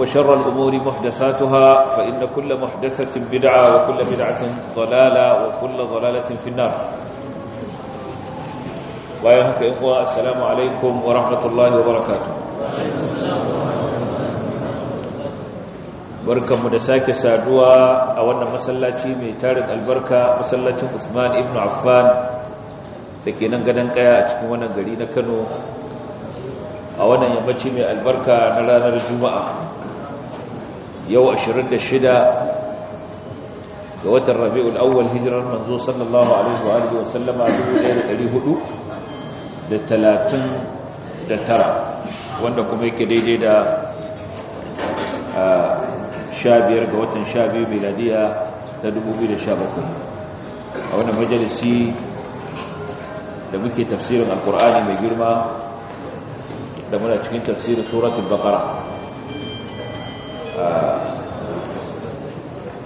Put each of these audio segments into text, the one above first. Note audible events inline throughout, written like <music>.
وشر الأمور محدثاتها فإن كل محدثة بدعة وكل بدعة ضلالة وكل ضلالة في النار ويهك إخوة السلام عليكم ورحمة الله وبركاته barkanmu da sake saduwa a wannan masallaci mai tarin albarka masallacin Usman ibn Affan da ke nan gadon kaya a cikin wannan gari na Kano a wannan mai albarka na ranar Juma'a yau 26 ga watan rabi'ul awwal hijirar manzo sallallahu alaihi wa alihi wa sallama 1439 wanda kuma yake daidai da 15 ga watan 12 miladiya ta 2017 a wannan majalisi da muke tafsirin Alƙur'ani mai girma da muna cikin tafsirin suratul baƙara.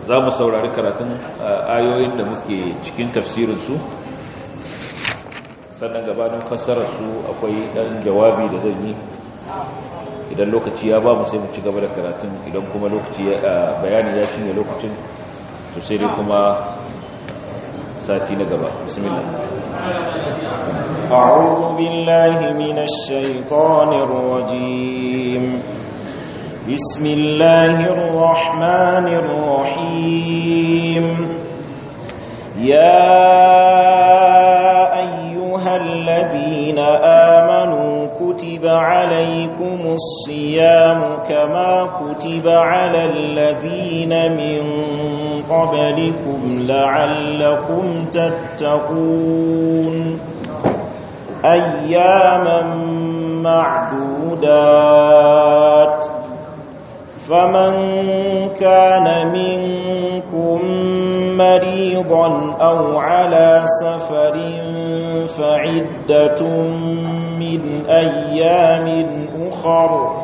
za mu saurari karatun eh, ayoyin da muke cikin tafsirinsu sannan gabanin fassararsu akwai ɗan jawabi da zan yi idan lokaci ya ba mu sai mu ci gaba da karatun idan kuma lokaci eh, bayani ya shi ne lokacin to sai dai kuma sati na gaba bismillah a'udhu billahi minash بسم الله الرحمن الرحيم يا أيها الذين آمنوا كتب عليكم الصيام كما كتب على الذين من قبلكم لعلكم تتقون أياما معدودات فمن كان منكم مريضا أو على سفر فعدة من أيام أخر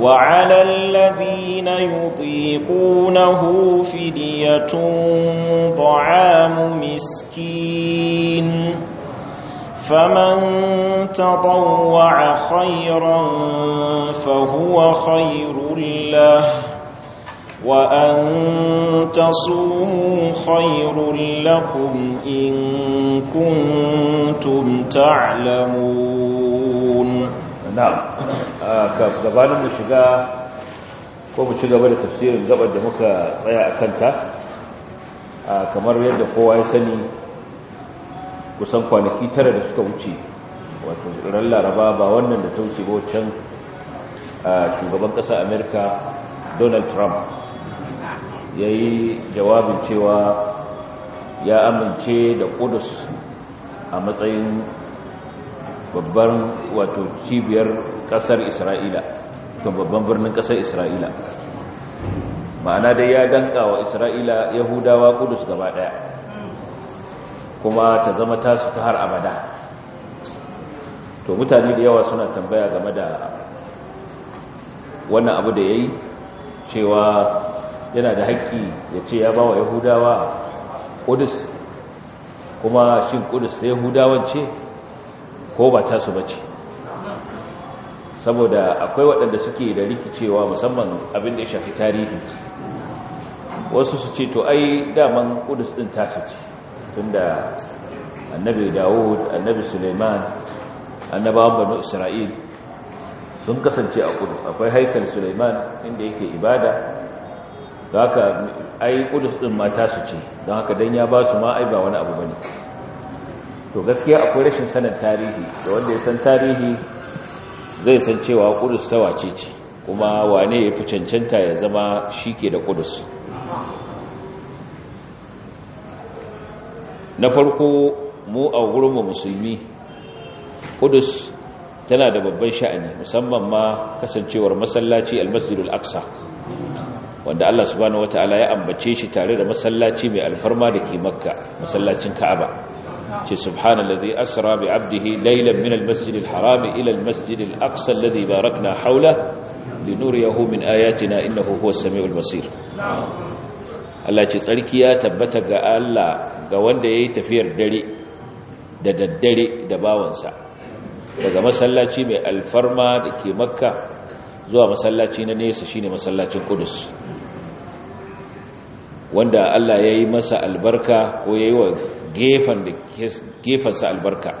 وعلى الذين يطيقونه فدية طعام مسكين فمن تطوع خيرا فهو خير له وأن تصوموا خير لكم إن كنتم تعلمون نعم كفغبان مشغا ko mu ci gaba da tafsirin gabar da muka tsaya a kanta kamar yadda kowa ya sani kusan kwanaki tara da suka wuce wato ran laraba ba wannan da ta wuce ba a shugaban ƙasa amerika donald trump ya yi jawabin cewa ya amince da kudus a matsayin babban wato cibiyar kasar isra'ila kan babban birnin ƙasar isra'ila ma'ana dai ya danka wa isra'ila yahudawa kudus gaba ɗaya. kuma ta zama tasu ta har abada to mutane da yawa suna tambaya game da wannan abu da ya yi cewa yana da haƙƙi ya ce ya ba wa yahudawa ƙudus kuma shin ƙudus ta yahudawan ce ko ba tasu ba ce saboda akwai waɗanda suke da rikicewa musamman abin da ya shafi tarihi wasu su ce to ai daman ƙudus ɗin tasu ce tunda annabi dawud annabi suleiman annabawan banu isra'il sun kasance a kudus akwai haikal suleiman inda yake ibada haka ai kudus din mata su ce don haka dan ya ba su ma ai ba wani abu bane to gaskiya akwai rashin sanin tarihi da wanda ya san tarihi zai san cewa kudus ta ce kuma wane ya fi cancanta ya zama shi ke da kudus na farko mu a wurin musulmi kudus tana da babban sha'ani musamman ma kasancewar masallaci almasjidul aqsa wanda Allah subhanahu wataala ya ambace shi tare da masallaci mai alfarma da ke makka masallacin ka'aba ce subhanallazi asra bi 'abdihi laylan min almasjidil harami ila almasjidil aqsa alladhi barakna hawla linuriyahu min ayatina innahu huwas samiul basir Allah ce tsarki ya tabbata ga Allah ga wanda ya yi tafiyar dare da daddare da bawansa daga masallaci mai alfarma da ke makka zuwa masallaci na nesa shine masallacin kudus wanda Allah ya yi masa albarka ko ya yi wa gefensa albarka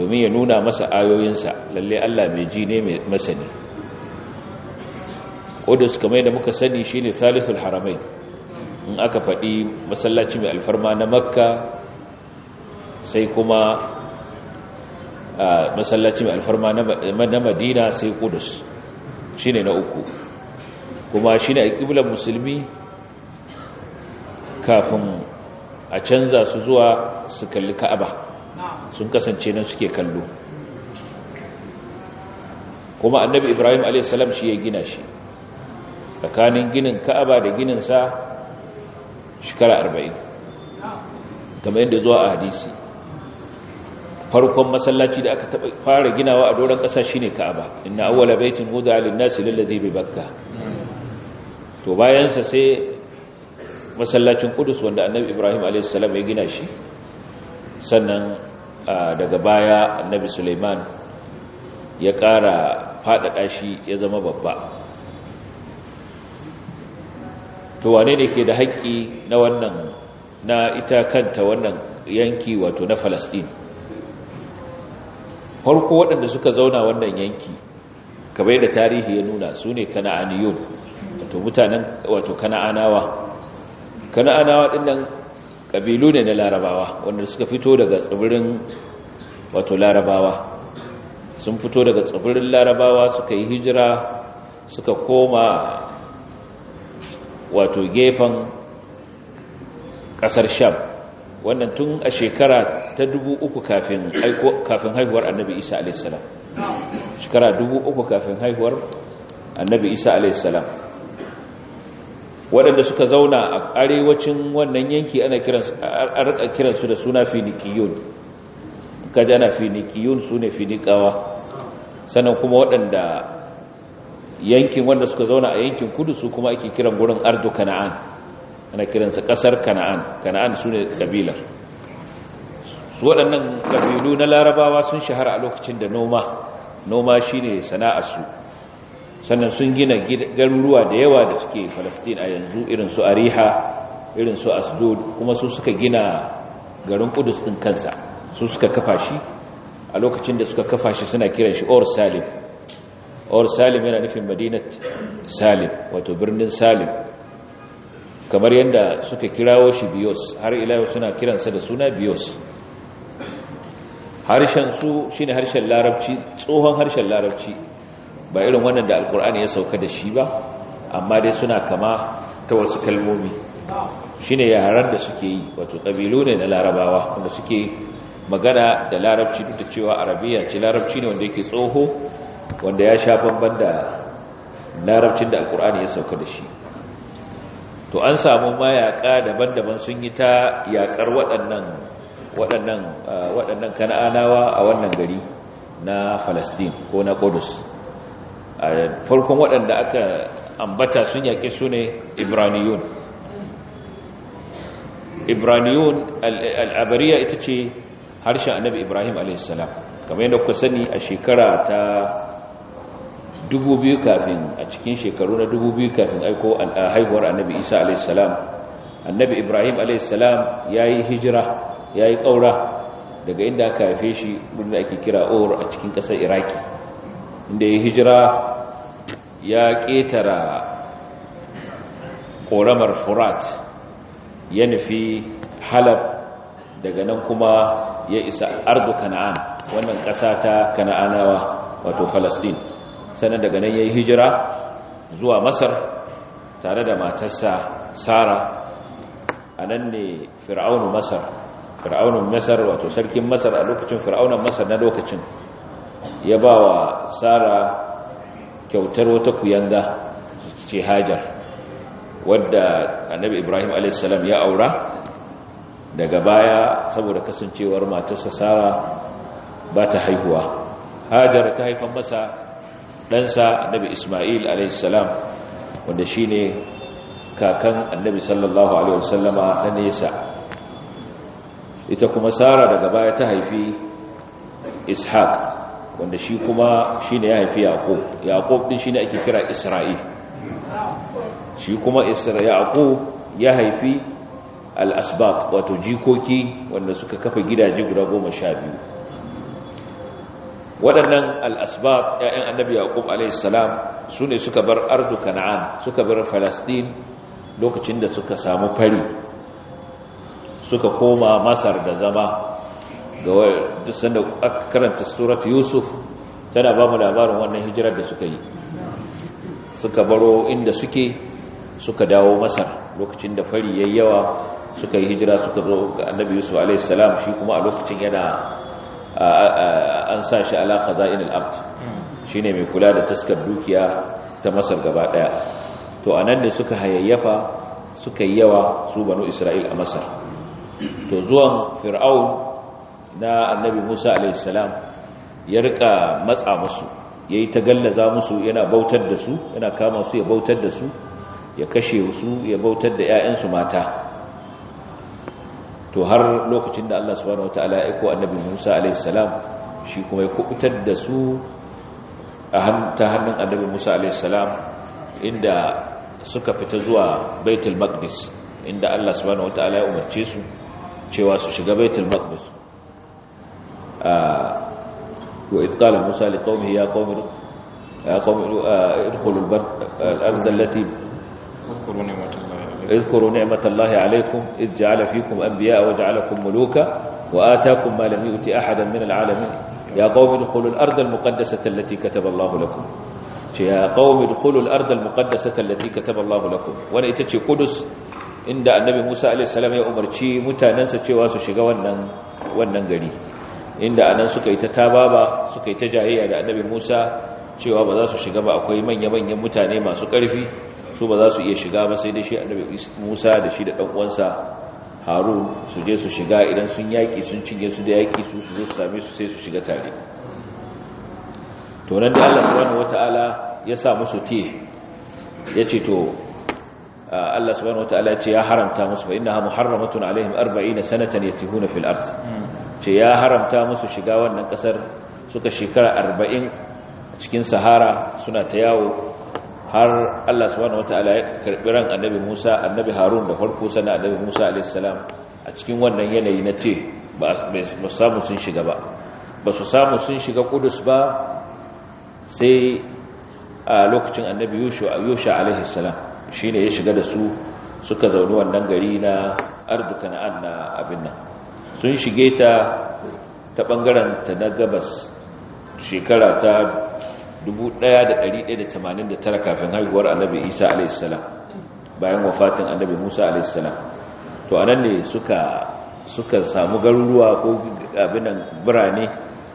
domin ya nuna masa ayoyinsa lalle Allah mai ji ne mai masani kudus kamar da muka sani shine thalithul haramai in aka faɗi masallaci mai alfarma na makka sai kuma masallaci mai alfarma na madina sai kudus shi na uku kuma shi ne a ƙiblar musulmi kafin a canza su zuwa su kalli ka'aba sun kasance nan suke kallo kuma annabi ibrahim a.s. shi ya gina shi tsakanin ginin ka'aba da gininsa shekara arba'in kamar yadda zuwa a hadisi farkon masallaci da aka taba fara ginawa a doron ƙasa shi ne ka'aba inna awwala baitin huda nasi lallazi bai bakka to bayansa sai masallacin kudus wanda annabi ibrahim a.s. ya gina shi sannan daga baya annabi suleiman ya ƙara faɗaɗa shi ya zama babba to wane ne ke da haƙƙi na wannan na ita kanta wannan yanki wato na falastin farko waɗanda suka zauna wannan yanki kamar da tarihi ya nuna su ne kana'aniyun wato mutanen wato kana'anawa kana'anawa nan ƙabilu ne na larabawa wanda suka fito daga tsibirin wato larabawa sun fito daga tsibirin larabawa suka yi hijira suka koma wato gefen ƙasar sham wannan tun a shekara ta dubu uku kafin haihuwar annabi isa alaihissalam shekara dubu uku kafin haihuwar annabi isa alaihissalam waɗanda suka zauna a arewacin wannan yanki ana kiransu da suna finikiyun kaji ana finikiyun su ne finikawa sannan kuma waɗanda yankin wanda suka zauna a yankin kudu su kuma ake kiran gurin ardu kana'an ana kiransa kasar kana'an kana'an su ne kabilar su waɗannan kabilu na larabawa sun shahara a lokacin da noma noma shi ne sana'arsu sannan sun gina garuruwa da yawa da suke falastin a yanzu irin su ariha irin su asdod kuma su suka gina garin kudus ɗin kansa su suka kafa shi a lokacin da suka kafa shi suna kiran shi or salim or salim yana nufin madinat salim wato birnin salim kamar yadda suka kirawo shi biyos har ilayu suna kiransa da suna biyos harshen su shine harshen larabci tsohon harshen larabci ba irin wannan da alkur'ani ya sauka da shi ba amma dai suna kama ta wasu kalmomi shine yaran da suke yi wato kabilu ne na larabawa wanda suke magana da larabci duk da cewa arabiya ce larabci ne wanda yake tsoho wanda ya sha banban da larabcin da alkur'ani ya sauka da shi to an samu mayaƙa daban-daban sun yi ta yaƙar waɗannan waɗannan waɗannan kana'anawa a wannan gari na falastin ko na ƙodus a farkon waɗanda aka ambata sun yaƙi su ne ibraniyun ibraniyun al'abariya ita ce harshen annabi ibrahim a.s. kamar yadda kuka sani a shekara ta dubu biyu kafin a cikin shekaru na dubu biyu kafin aiko haihuwar annabi isa alaihissalam annabi ibrahim alaihissalam ya yi hijira ya yi ƙaura daga inda aka haife shi gudun ake kira or a cikin ƙasar iraki inda ya hijira ya ƙetara ƙoramar furat ya nufi halab daga nan kuma ya isa ardu kana'an wannan ƙasa ta kana'anawa wato Falasɗin. sannan daga nan ya yi hijira zuwa masar tare da matarsa sara a nan ne fir'aunin masar fir'aunin masar wato sarkin masar a lokacin fir'aunin masar na lokacin ya ba wa sara kyautar wata kuyanga ce hajar wadda annabi ibrahim a.s. ya aura daga baya saboda kasancewar matarsa sara ba ta haihuwa hajar ta haifan masa ɗansa annabi ismail alaihissalam wanda shi ne kakan annabi sallallahu alaihi wasallama na nesa ita kuma sara daga baya ta haifi ishaq wanda shi kuma shi ne ya haifi yaƙob yaƙob ɗin shi ne ake kira isra'il shi kuma yaƙob ya haifi Al-Asbat wato jikoki wanda suka kafa gidaje guda goma sha biyu waɗannan al'asbab ‘ya'yan annabi yaƙub alaihissalam su ne suka bar ardu kana'an suka bar falastin lokacin da suka samu fari suka koma masar da zama ga sanda aka karanta surat yusuf tana ba mu labarin wannan hijirar da suka yi suka baro inda suke suka dawo masar lokacin da fari yayi yawa suka yi hijira suka zo ga annabi yusuf alaihissalam shi kuma a lokacin yana an sa shi ala khaza'in al-ard shine mai kula da taskar dukiya ta Masar gaba ɗaya, to anan ne suka hayayyafa suka yawa su banu Isra'il a Masar to zuwan Fir'aun na Annabi Musa alayhi salam ya rika matsa musu yayi ta gallaza musu yana bautar da su yana kama su ya bautar da su ya kashe su ya bautar da 'ya'yansu mata to har lokacin da Allah subhanahu wataala ya aiko annabi Musa alaihi salam shi kuma ya kubutar da su a ta hannun annabi Musa alaihi salam inda suka fita zuwa Baitul Maqdis inda Allah subhanahu wataala ya umarce su cewa su shiga Baitul Maqdis wa idh qala Musa liqaumihi ya qaumi ya qaumi idkhulul ard allati اذكروا نعمة الله اذكروا نعمة الله عليكم إذ جعل فيكم أنبياء وجعلكم ملوكا وآتاكم ما لم يؤت أحدا من العالمين يا قوم ادخلوا الأرض المقدسة التي كتب الله لكم يا قوم ادخلوا الأرض المقدسة التي كتب الله لكم وانا اتتشي قدس عند النبي موسى عليه السلام يا أمر شي متى ننسى شي واسو شي wannan gari inda anan suka yi ta tababa suka yi ta jayayya da annabi Musa cewa ba za su shiga ba akwai manya-manyan mutane masu ƙarfi su ba za su iya shiga ba sai da shi annabi Musa da shi da dan uwansa Harun su je su shiga idan sun yaki sun cinye su da yaki su su zo su same su sai su shiga tare to nan da Allah subhanahu wataala ya sa musu ti yace to Allah subhanahu wataala ya ce ya haramta musu fa innaha muharramatun alaihim 40 sanatan yatihuna fil ard ce ya haramta musu shiga wannan kasar suka shekara 40 cikin sahara suna ta yawo har Allah subhanahu wataala ya karbi ran annabi Musa annabi Harun da farko sana annabi Musa alaihi salam a cikin wannan yanayi na ce ba su samu sun shiga ba ba su samu sun shiga Kudus ba sai a lokacin annabi Yusha Yusha alaihi salam shine ya shiga da su suka zaune wannan gari na ardu na abin nan sun shige ta ta bangaren ta na gabas shekara ta 1189 kafin haihuwar annabi isa alaihissalam bayan wafatin annabi musa alaihissalam to anan ne suka samu garuruwa ko abinan birane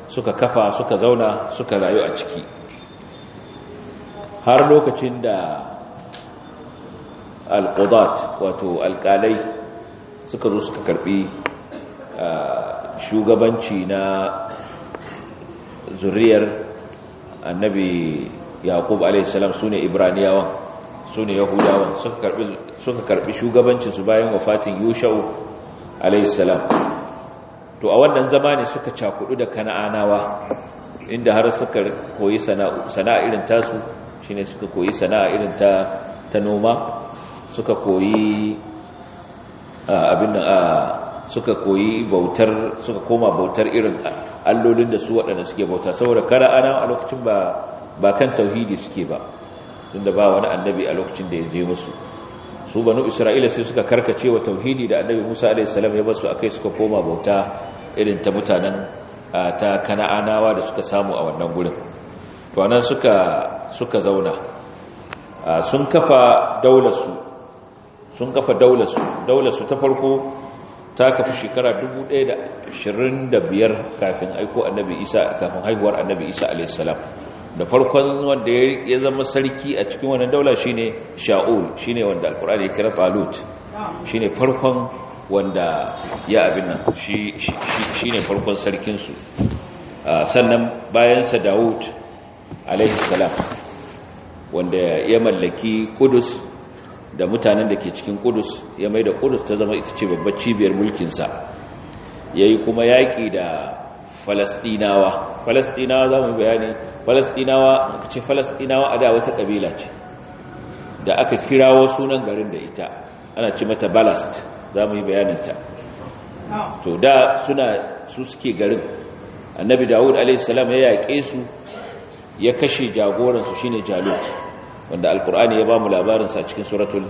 suka kafa suka zauna suka rayu a ciki har lokacin da alkodat wato alƙalai suka zo suka karɓi ah, shugabanci na zuriyar annabi yaqub salam sune ibraniyawan sune yahudawa suka karbi suka karbi shugabancin su bayan wafatin yushau salam to a wannan zamani suka cakudu da kana'anawa inda har suka koyi sana'a irin tasu shine suka koyi sana'a irin ta ta noma suka koyi ah, abin da suka koyi bautar suka koma bautar irin allolin da su waɗanda suke bauta saboda kara ana a lokacin ba ba kan tauhidi suke ba da ba wani annabi a lokacin da ya je musu su banu isra'ila sai suka karkace wa tauhidi da annabi musa alaihi salam ya basu akai suka koma bauta irin ta mutanen ta kana'anawa da suka samu a wannan gurin to anan suka zauna sun kafa daular daular su ta farko ta kafa shekara 1025 kafin aiko annabi isa kafin haihuwar annabi isa salam da farkon wanda ya zama sarki a cikin wannan daula shine sha'ul shine wanda alkur'ani ya kira shi shine farkon wanda ya abin nan shi shine farkon sarkinsu sannan bayansa alaihi salam wanda ya mallaki kudus da mutanen da ke cikin kudus ya mai da kudus ta zama ita ce babbar cibiyar mulkinsa ya yi kuma yaƙi da falasdinawa falasɗinawa za mu bayani a ce falasdinawa a da wata ƙabila ce da aka kirawo sunan garin da ita ana ci mata balast za mu yi bayaninta to da suna su suke garin annabi dawud a.s. ya yaƙe su ya kashe jagoransu shine jalut wanda alkur'ani ya ba mu labarinsa cikin suratul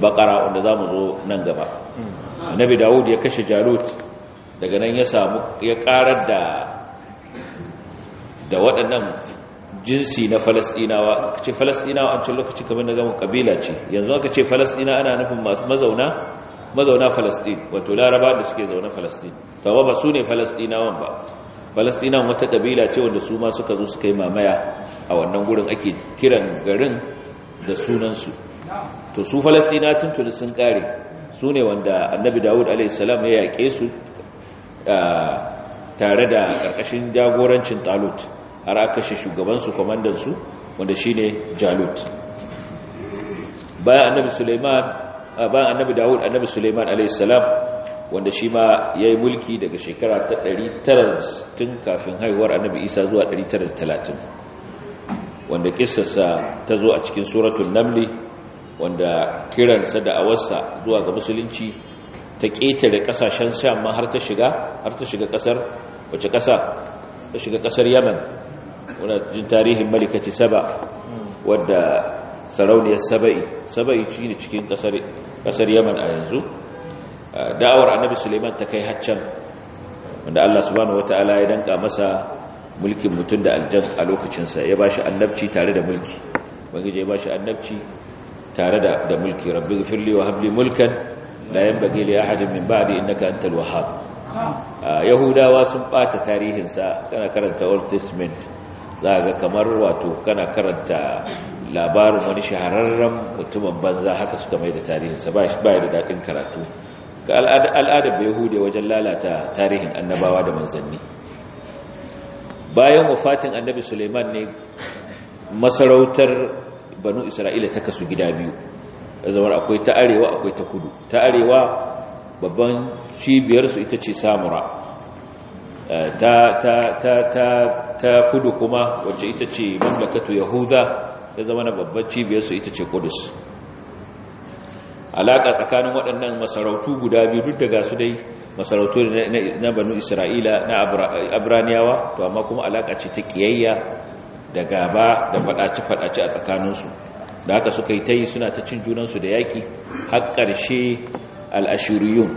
baqara wanda za mu zo nan gaba annabi dawud ya kashe jalut daga nan ya samu ya karar da da waɗannan jinsi na falasɗinawa aka ce falasɗinawa an ce lokaci kamar na gama ƙabila ce yanzu aka ce falasɗina ana nufin masu mazauna mazauna falastin wato laraba da suke zaune falastin to ba su ne falastinawan ba falastinan wata kabila ce wanda su ma suka zo suka yi mamaya a wannan gurin ake kiran garin da sunansu to su falastina tun tuni sun kare su ne wanda annabi dawud alaihissalam ya yaƙe su tare da ƙarƙashin jagorancin talut har aka shugabansu kwamandansu wanda shi ne jalut bayan annabi suleiman bayan annabi dawud annabi suleiman alaihissalam wanda shi ma ya yi mulki daga shekara ta 900 tun kafin haihuwar annabi isa zuwa 930 wanda kisarsa ta zo a cikin suratun namli wanda kiransa da awarsa zuwa ga musulunci ta ƙetare ƙasashen sham ma har ta shiga har ta shiga ƙasar wace kasa ta shiga kasar yaman wadda jin tarihin malikati saba wadda sarauniyar saba'i saba'i ci ne cikin ƙasar yaman a yanzu da'awar annabi suleiman ta kai haccan wanda allah subhanahu wata'ala ya danka masa mulkin mutum da aljan a lokacinsa ya ba shi annabci tare da mulki ubangiji ya ba shi annabci tare da mulki rabbi gafirli wa habli mulkan la yanbaghi li ahadin min ba'di innaka antal wahhab yahudawa sun bata tarihinsa kana karanta old testament za ga kamar wato kana karanta labarin wani shahararren mutumin banza haka suka mai da tarihinsa ba shi da dadin karatu ga al'adar da yahude wajen lalata tarihin annabawa da manzanni bayan wafatin annabi suleiman ne masarautar banu isra'ila ta kasu gida biyu zamar akwai ta arewa akwai ta kudu ta arewa babban cibiyarsu ita ce samura eh, ta, kudu kuma wacce ita ce mamlakatu yahuda ta zama na babban cibiyarsu ita ce kudus alaka tsakanin waɗannan masarautu guda biyu duk daga su dai masarautu na banu isra'ila na abraniyawa to amma kuma alaka ce ta kiyayya da gaba da faɗace-faɗace a tsakaninsu da haka suka yi ta yi suna ta cin junansu da yaƙi har ƙarshe al'ashiriyun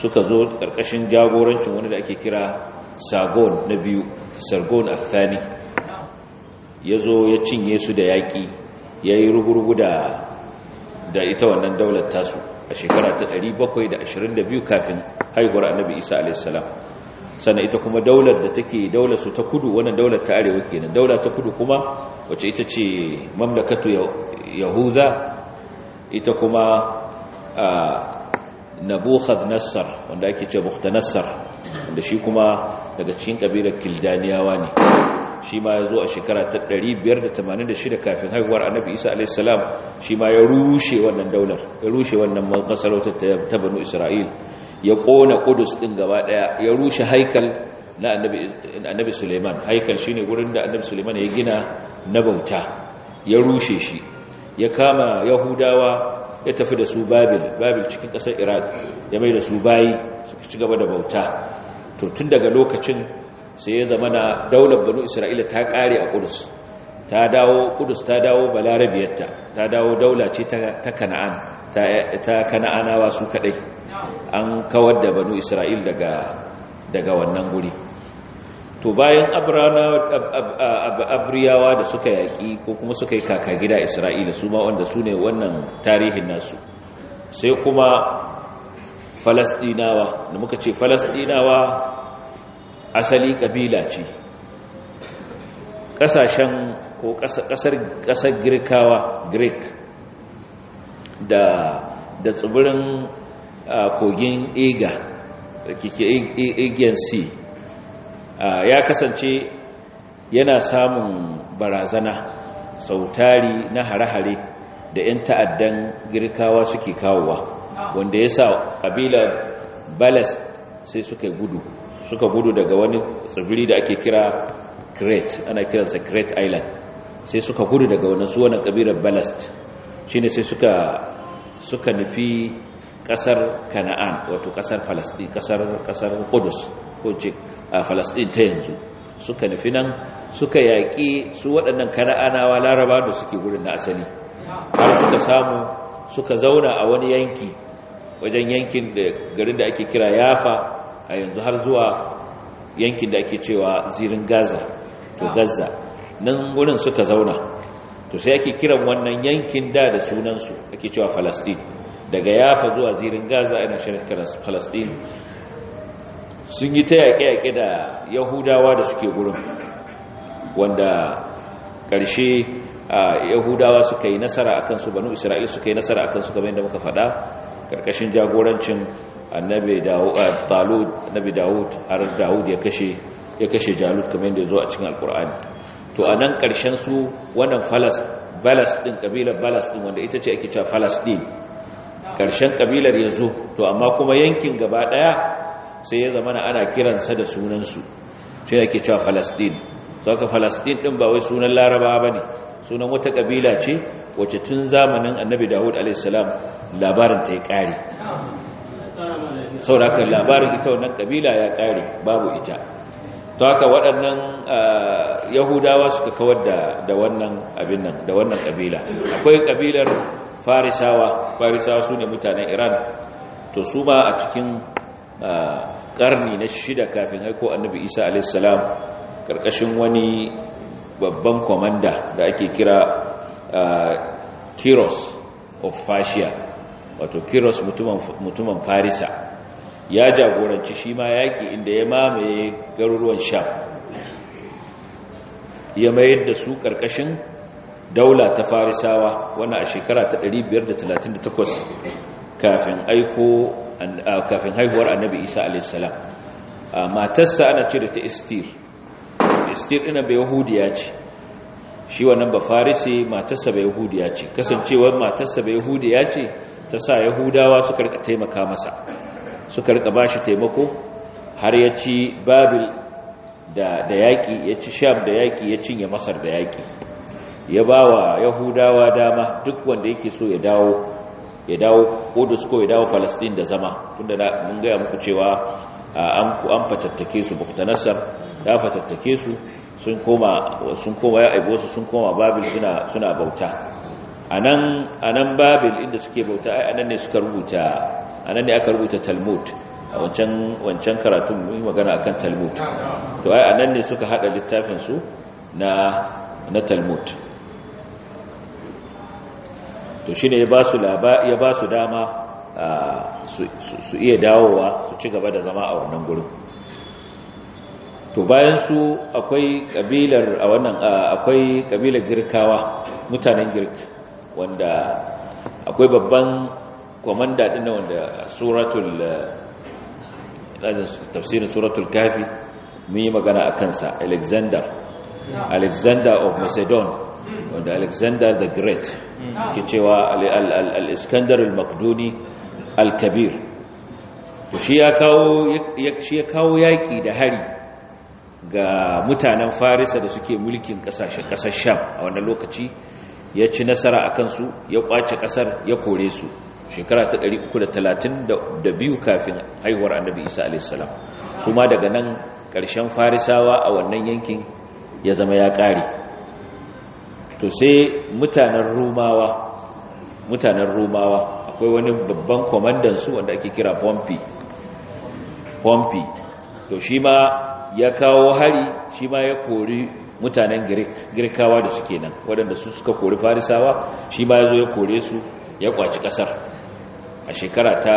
suka zo ƙarƙashin jagorancin wani da ake kira Sargon na biyu sargon athani ya zo ya cinye su da yaƙi ya yi rugurgu da da ita wannan daular tasu a shekara ta 722 kafin haihuwar annabi isa alaihissalam sannan ita kuma daular da take daular su ta kudu wannan daular ta arewa kenan daula ta kudu kuma wacce ita ce mamlakatu yahuza ita kuma nabukhadnassar wanda ake ce buhtanassar wanda shi kuma daga cikin kabilar kildaniyawa ne shi ma ya zo a shekara ta 586 kafin haihuwar annabi isa alaihissalam shi ma ya rushe wannan daular ya rushe wannan masarautar ta banu isra'il ya kona kudus din gaba daya ya rushe haikal na annabi suleiman haikal shine wurin da annabi suleiman ya gina na bauta ya rushe shi ya kama yahudawa ya tafi da su babil babil cikin kasar iraq ya mai da su bayi su ci gaba da bauta to tun daga lokacin sai ya zama na daular banu isra'ila ta kare a kudus ta dawo kudus ta dawo balarabiyarta ta dawo daula ce ta kana'an ta kana'anawa su kadai an kawar da banu isra'il daga wannan guri to bayan abriyawa da suka yaƙi ko kuma suka yi kaka gida isra'ila su ma wanda su ne wannan tarihin nasu sai kuma falasdinawa da muka ce falasdinawa asali kabila ce kasashen ko ƙasar kasar girkawa greek da da tsibirin kogin ega da kike e, e, aegean sea ya kasance yana samun barazana sautari na hare-hare da 'yan ta'addan girkawa suke kawowa wanda ya sa ƙabilar balas sai suka gudu suka gudu daga wani tsibiri da ake kira crete ana kiransa crete island sai suka gudu daga wani su wani kabilar ballast ne sai suka suka nufi kasar kana'an wato kasar falastin kasar kasar kudus ko ce a falastin ta yanzu suka nufi nan suka yaƙi su waɗannan kana'anawa laraba da suke gudun na asali har suka samu suka zauna a wani yanki wajen yankin da garin da ake kira yafa a yanzu har zuwa yankin da ake cewa zirin gaza to gaza nan wurin suka zauna to sai ake kiran wannan yankin da da sunansu ake cewa falastin daga yafa zuwa zirin gaza ana shirin falastin sun yi ta yaƙe-yaƙe da yahudawa da suke gurin wanda ƙarshe yahudawa suka yi nasara a kansu banu isra'il suka yi nasara a kansu game da muka faɗa ƙarƙashin jagorancin annabi dawud eh, talud annabi dawud har dawud ya kashe ya kashe jalut kamar yadda zo a cikin alqur'ani to anan karshen su wannan falas balas din kabilar balas din wanda ita ce ake cewa din karshen kabilar yazo to amma kuma yankin gaba daya sai ya zama ana kiransa da sunan su sai ake cewa falastin saka falastin din ba wai sunan larabawa bane sunan wata kabila ce wacce tun zamanin annabi dawud alaihi salam labarin ta ya kare sauraka labarin ita wannan kabila ya kare babu ita to haka waɗannan yahudawa suka kawar da da wannan abin nan da wannan kabila akwai kabilar farisawa farisawa su ne mutanen iran to su ma a cikin karni na shida kafin haiko annabi isa a.s. karkashin wani babban komanda da ake kira kiros of fascia wato kiros mutumin farisa ya jagoranci shi ma yaƙi inda ya mamaye garuruwan sha ya mayar da su ƙarƙashin daula ta farisawa wani a shekara ta 538 kafin haihuwar annabi isa alaihissalam matarsa ana ce da ta istir istir ɗina bai yahudiya ce shi wannan ba farisi matarsa bai yahudiya ce kasancewar matarsa bai yahudiya ce ta sa yahudawa suka rika taimaka masa suka rika bashi taimako har ya ci babil da yaƙi ya ci sham da yaƙi ya cinye masar da yaƙi ya ba wa yahudawa dama duk wanda yake so ya dawo ya dawo kudus ko ya dawo falastin da zama tunda mun gaya muku cewa an fatattake su buktanassar ta fatattake su sun koma ya aibo su sun koma babil suna bauta a nan babil inda suke bauta a nan ne suka rubuta a nan ne aka rubuta talmud a wancan karatun yi magana akan talmud to ai a nan ne suka haɗa littafinsu na na talmud to shi ne ya ba su dama su iya dawowa su ci gaba da zama a wannan gurin to bayan su akwai kabilar a wannan akwai kabilar girkawa mutanen girki, wanda akwai babban Kwaman din na wanda uh, suratul uh, tafsirin suratul kafi mun yi magana a kansa alexander alexander of macedon wanda alexander the great ke cewa al-iskandar al-makduni al-kabir shi ya kawo yaƙi da hari ga mutanen farisa da suke mulkin ƙasashen sham a wannan lokaci ya ci nasara a kansu ya ƙwace ƙasar ya kore su shekara ta 332 kafin haihuwar annabi isa alaihissalam su ma daga nan ƙarshen farisawa a wannan yankin ya zama ya ƙare to sai mutanen rumawa mutanen rumawa akwai wani babban kwamandansu wanda ake kira pompi pompi to shi ma ya kawo hari shi ma ya kori mutanen girkawa da suke nan waɗanda su suka kori farisawa shi ma ya zo ya kore su ya kwaci kasar a shekara ta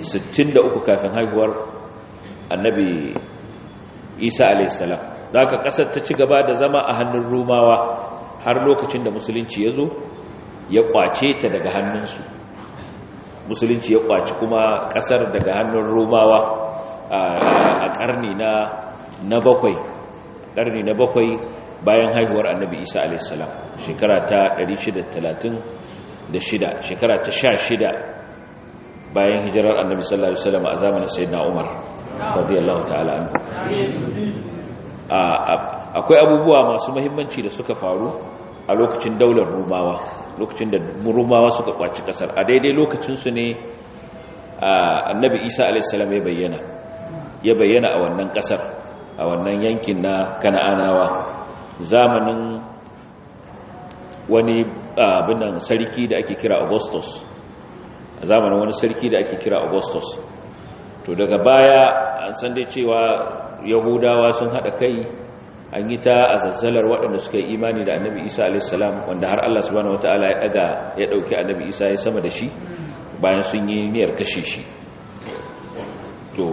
63 kafin haihuwar annabi isa a.s. za ka kasar ta ci gaba da zama a hannun rumawa har lokacin da musulunci ya zo ya kwace ta daga hannunsu musulunci ya kwaci kuma kasar daga hannun rumawa a karni na bakwai karni na bakwai bayan haihuwar annabi isa a.s. shekara ta 630 da shida shekara ta sha shida bayan hijirar annabi sallallahu alaihi wasallam a zamanin sayyidina umar radiyallahu ta'ala anhu akwai abubuwa masu muhimmanci da suka faru a lokacin daular rumawa lokacin da rumawa suka kwaci kasar a daidai lokacin su ne annabi isa alaihissalam ya bayyana ya bayyana a wannan kasar a wannan yankin na kana'anawa zamanin wani abinan sarki da ake kira augustus a zamanin wani sarki da ake kira augustus to daga baya an san dai cewa yahudawa sun haɗa kai an yi ta a zazzalar waɗanda suka yi imani da annabi isa alaihissalam wanda har allah subhanahu wataala ya daga ya ɗauki annabi isa ya sama da shi bayan sun yi niyyar kashe shi to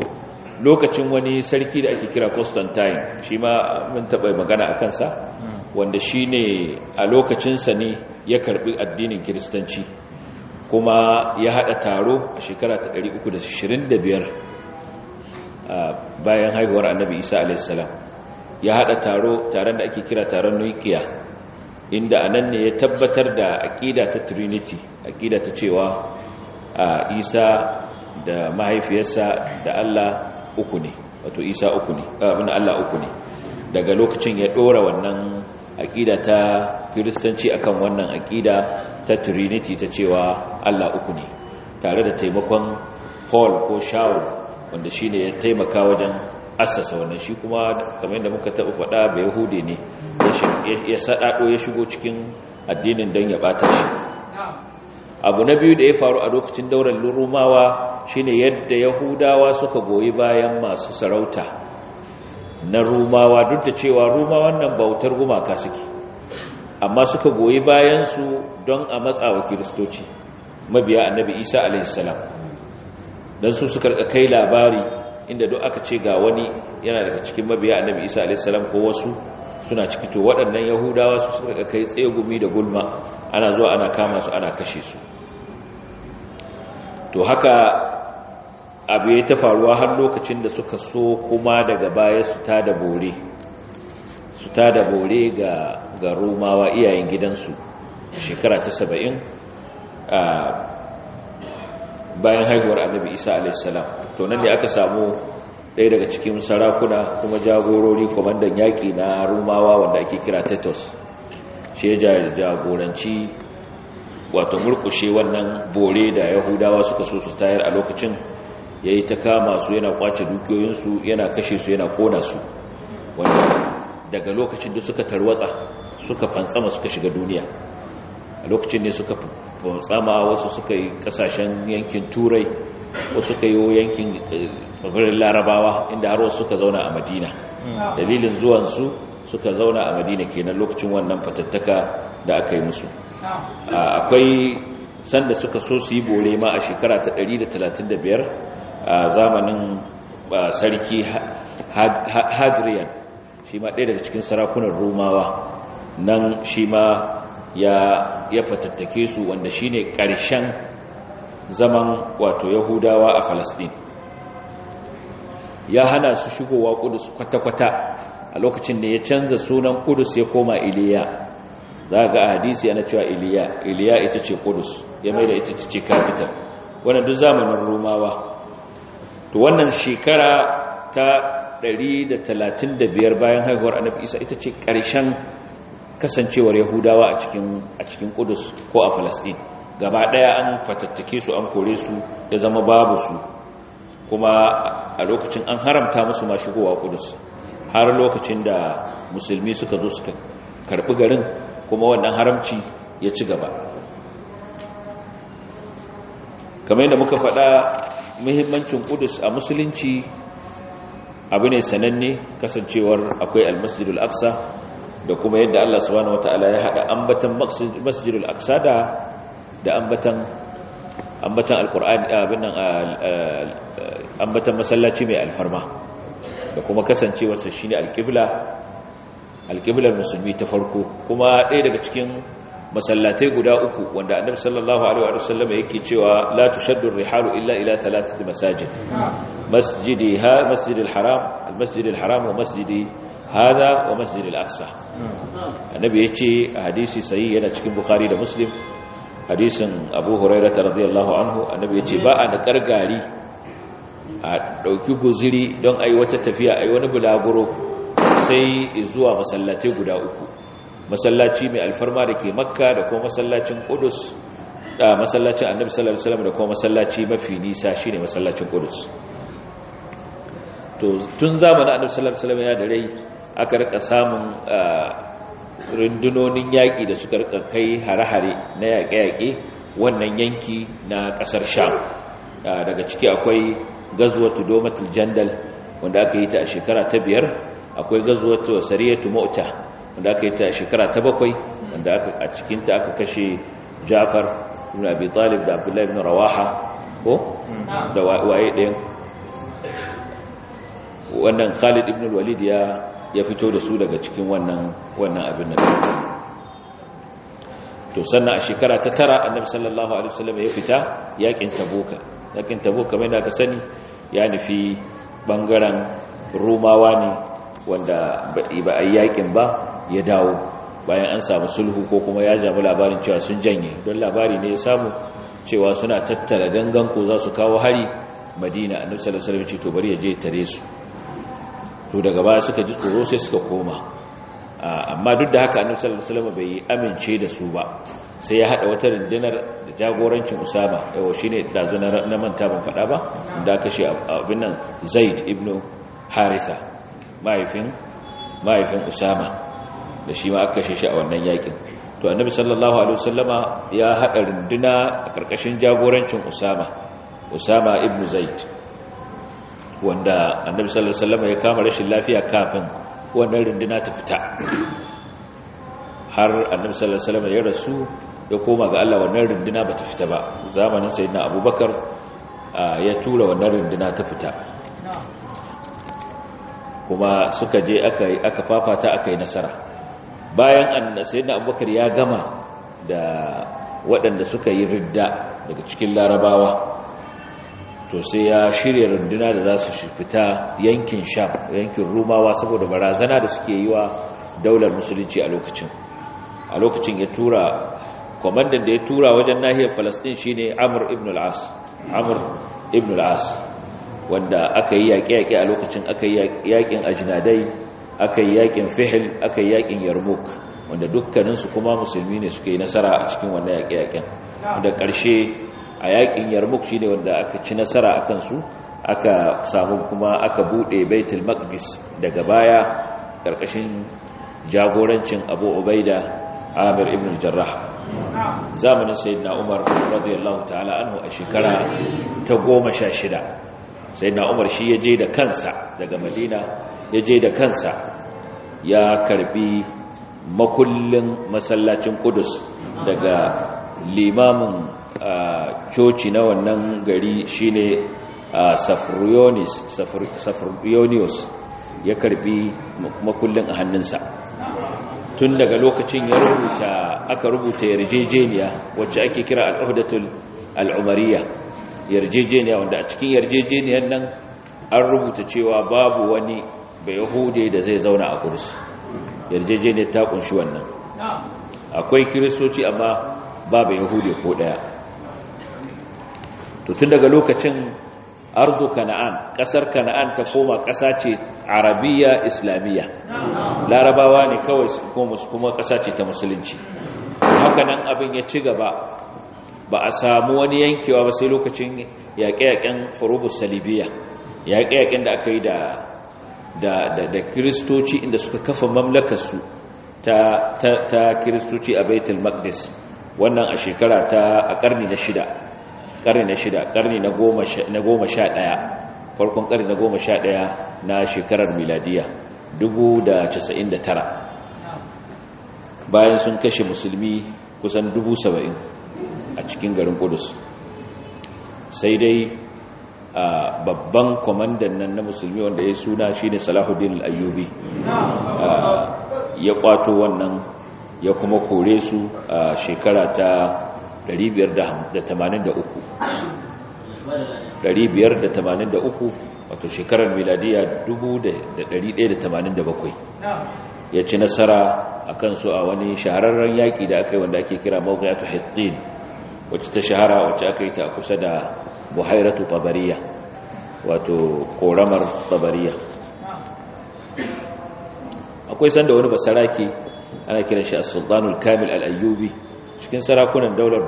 lokacin wani sarki da ake kira constantine shi ma mun taɓa magana a kansa wanda shi ne a lokacinsa ne ya karbi addinin kiristanci kuma ya hada taro a shekara ta 325 bayan haihuwar annabi isa alaihissalam ya hada taro taron da ake kira taron nukiya inda anan ne ya tabbatar da aƙida ta trinity aƙida ta cewa isa da mahaifiyarsa da allah uku ne wato isa uku ne abin allah uku ne daga lokacin ya ɗora wannan aƙida ta kiristanci akan wannan aƙida ta trinity ta cewa allah uku ne tare da taimakon paul ko shaul wanda shi ne ya taimaka wajen assasa wannan shi kuma kamar yadda muka taɓa faɗa bai yahudi ne ya saɗaɗo ya shigo cikin addinin don ya ɓata shi abu na biyu da ya faru a lokacin daular rumawa ne yadda yahudawa suka goyi bayan masu sarauta na rumawa duk da cewa rumawa wannan bautar gumaka suke amma suka goyi bayansu don a matsa wa kiristoci mabiya annabi isa alaihissalam don su suka rika kai labari inda duk aka ce ga wani yana daga cikin mabiya annabi isa alaihissalam ko wasu suna ciki to waɗannan yahudawa su suka kai tsegumi da gulma ana zuwa ana kama su ana kashe su to haka abu ya ta faruwa har lokacin da suka so kuma daga baya su ta da bore su da bore ga ga romawa iyayen gidansu shekara ta saba'in a bayan haihuwar annabi isa alaihissalam to nan ne aka samu ɗaya daga cikin sarakuna kuma jagorori kwamandan yaƙi na romawa wanda ake kira tetos shi ya jagoranci wato murkushe wannan bore da yahudawa suka so su tayar a lokacin ya yi ta kama su yana kwace dukiyoyinsu yana kashe su yana kona su wanda daga lokacin da suka tarwatsa suka fantsama suka shiga duniya a lokacin ne suka fantsama wasu suka yi kasashen yankin turai wasu suka yi yankin eh, tsibirin larabawa inda har wasu suka zauna a madina dalilin zuwansu suka zauna a madina kenan lokacin wannan fatattaka da aka yi musu akwai sanda suka so su yi bore ma a shekara ta 135 a zamanin sarki hadrian shi ma ɗaya daga cikin sarakunan rumawa nan shi ma ya fatattake su wanda shi ne ƙarshen zaman wato yahudawa a falasdin ya hana su shigowa kudus kwata-kwata a lokacin da ya canza sunan kudus ya koma iliya za ga a hadisi yana cewa iliya iliya ita ce kudus ya mai da ita ce capital wannan duk zamanin rumawa to wannan shekara ta 135 bayan haihuwar annabi isa ita ce ƙarshen kasancewar yahudawa a cikin a cikin kudus ko a falastin gaba ɗaya an fatattake su an kore su ya zama babu su kuma a lokacin an haramta musu ma shigowa kudus har lokacin da musulmi suka zo suka karɓi garin kuma wannan haramci ya ci gaba kamar yadda muka faɗa muhimmancin kudus a musulunci abu ne sananne kasancewar akwai almasjidul aqsa da kuma yadda Allah subhanahu wataala ya haɗa ambatan masjidul aqsa da ambatan eh, ambatan masallaci mai alfarma da kuma kasancewar sa shine alqibla musulmi ta farko kuma ɗaya daga cikin masallatai guda uku wanda annabi sallallahu alaihi wa sallam yake cewa la tushaddu ar-rihalu illa ila thalathati masajid masjidi ha masjid al-haram al-masjid al-haram wa masjidi hada wa masjid al-aqsa annabi yace a hadisi sahihi yana cikin bukhari da muslim hadisin abu hurairah radiyallahu anhu annabi yace ba a da kargari a dauki guziri don ai wata tafiya ai wani bulaguro sai zuwa masallatai guda uku masallaci mai alfarma da ke makka da kuma masallacin kudus da masallacin annabi sallallahu alaihi wasallam da kuma masallaci mafi nisa shine masallacin kudus to tun zamanin annabi sallallahu alaihi wasallam ya da rai aka rika samun rundunonin yaƙi da suka rika kai hare-hare na yaƙe-yaƙe wannan yanki na ƙasar sham daga ciki akwai gazwatu, domatul jandal wanda aka yi ta a shekara ta biyar akwai gazwatu sariyatu mu'ta wanda aka yi ta shekara ta bakwai wanda a cikinta aka kashe jafar ibn abi talib da abdullahi ibn rawaha ko da waye ɗaya? wannan khalid ibn walid ya ya fito da su daga cikin wannan wannan abin nan to sannan a shekara ta tara annabi sallallahu alaihi wasallam ya fita yakin tabuka yakin tabuka mai da ka sani ya nufi bangaren rumawa ne wanda ba a yi yakin ba ya dawo bayan an samu sulhu ko kuma ya jami labarin cewa sun janye don labari ne ya samu cewa suna tattara gangan ko za su kawo hari madina annabi sallallahu alaihi wasallam ce to bari ya je tare su to daga baya suka ji tsoro sai suka koma amma duk da haka annabi sallallahu alaihi wasallam bai amince da su ba sai ya hada wata rundunar da jagorancin Usama yawa shine dazuna na manta ban fada ba da kashe abin nan Zaid ibnu Harisa mahaifin mahaifin Usama da shi ma aka kashe shi a wannan yakin to annabi sallallahu alaihi wasallama ya hada runduna a karkashin jagorancin usama usama ibn zaid wanda annabi sallallahu alaihi wasallama ya kama rashin lafiya kafin wannan runduna ta fita har annabi sallallahu alaihi wasallama ya rasu ya koma ga Allah wannan runduna bata fita ba zamanin sayyidina abubakar ya tura wannan runduna ta fita kuma suka je aka aka fafata aka yi nasara bayan sayyidina abubakar ya gama da waɗanda suka yi ridda daga cikin larabawa to sai ya shirya runduna da za su fita yankin sham yankin rumawa saboda barazana da suke yi wa daular musulunci a lokacin a lokacin ya tura kwamandan da ya tura wajen nahiyar falastin shine amur ibn al'as amur ibn al'as wanda aka yi yaƙe-yaƙe a lokacin aka yi yaƙin ajinadai aka yi yakin fihil aka yi yakin yarmuk, wanda dukkaninsu kuma musulmi ne suka yi nasara a cikin wannan yaƙe-yaƙen da ƙarshe a yakin yarmuk shi ne wanda aka ci nasara a kansu aka samu kuma aka buɗe baitul maqdis daga baya ƙarƙashin jagorancin abu ubaida amir ibn jarrah zamanin sayyidina umar radiyallahu ta'ala anhu a shekara ta goma sha shida sayyidina umar shi ya je da kansa daga madina ya je da kansa ya karbi makullin masallacin kudus daga limamin coci na wannan gari shine safronius ya karbi makullin a hannunsa tun daga lokacin ya rubuta aka rubuta yarjejeniya wacce ake kira al'uhdatul al'umariya yarjejeniya wanda a cikin yarjejeniyar nan an rubuta cewa babu wani yahude da zai zauna a yarjeje yarjejeniyar ta kunshi wannan akwai kiristoci amma babu yahude ko daya to tun daga lokacin ardu kana'an kasar kana'an ta koma kasa ce arabiya islamiyya larabawa ne kawai kuma kasa ce ta musulunci haka nan abin ya ci gaba ba a samu wani yankewa ba sai lokacin yaƙe-yaƙen hurubus salibiya yaƙe-yaƙen da aka yi da da da da kristoci inda suka kafa mamlakarsu ta ta ta kristoci a Baitul Maqdis wannan a shekara ta a karni na 6 karni na 6 karni na 10 na 11 farkon karni na 11 na shekarar miladiya 1099 bayan sun kashe musulmi kusan 70 a cikin garin Qudus sai dai a babban kwamandan nan na musulmi wanda ya suna shi ne salahuddin al'ayyubi ya kwato wannan ya kuma kore su a shekara ta 583 583 wato shekarar miladiya 1187 ya ci nasara a kansu a wani shahararren yaƙi da aka yi wanda ake kira mawuyatu hittin wacce ta shahara wacce aka yi ta kusa da buhairatu tabariya wato koramar tabariya akwai sanda wani basaraki ana kiran shi as-sultanul kamil al-ayyubi cikin sarakunan daular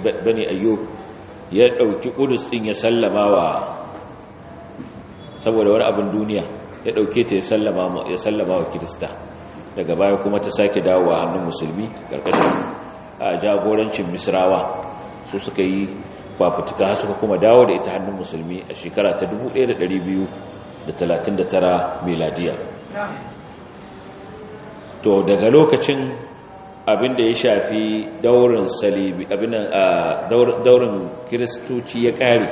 bani ayyub ya dauki kudus din ya sallama wa saboda wani abin duniya ya dauke ta ya sallama ya wa kirista daga baya kuma ta sake dawowa hannun musulmi karkashin a jagorancin misrawa su suka yi fafutuka har suka kuma dawo da ita hannun musulmi a shekara ta 1239 miladiya to daga lokacin abin da ya shafi daurin salibi abin ah, daurin kiristoci ya kare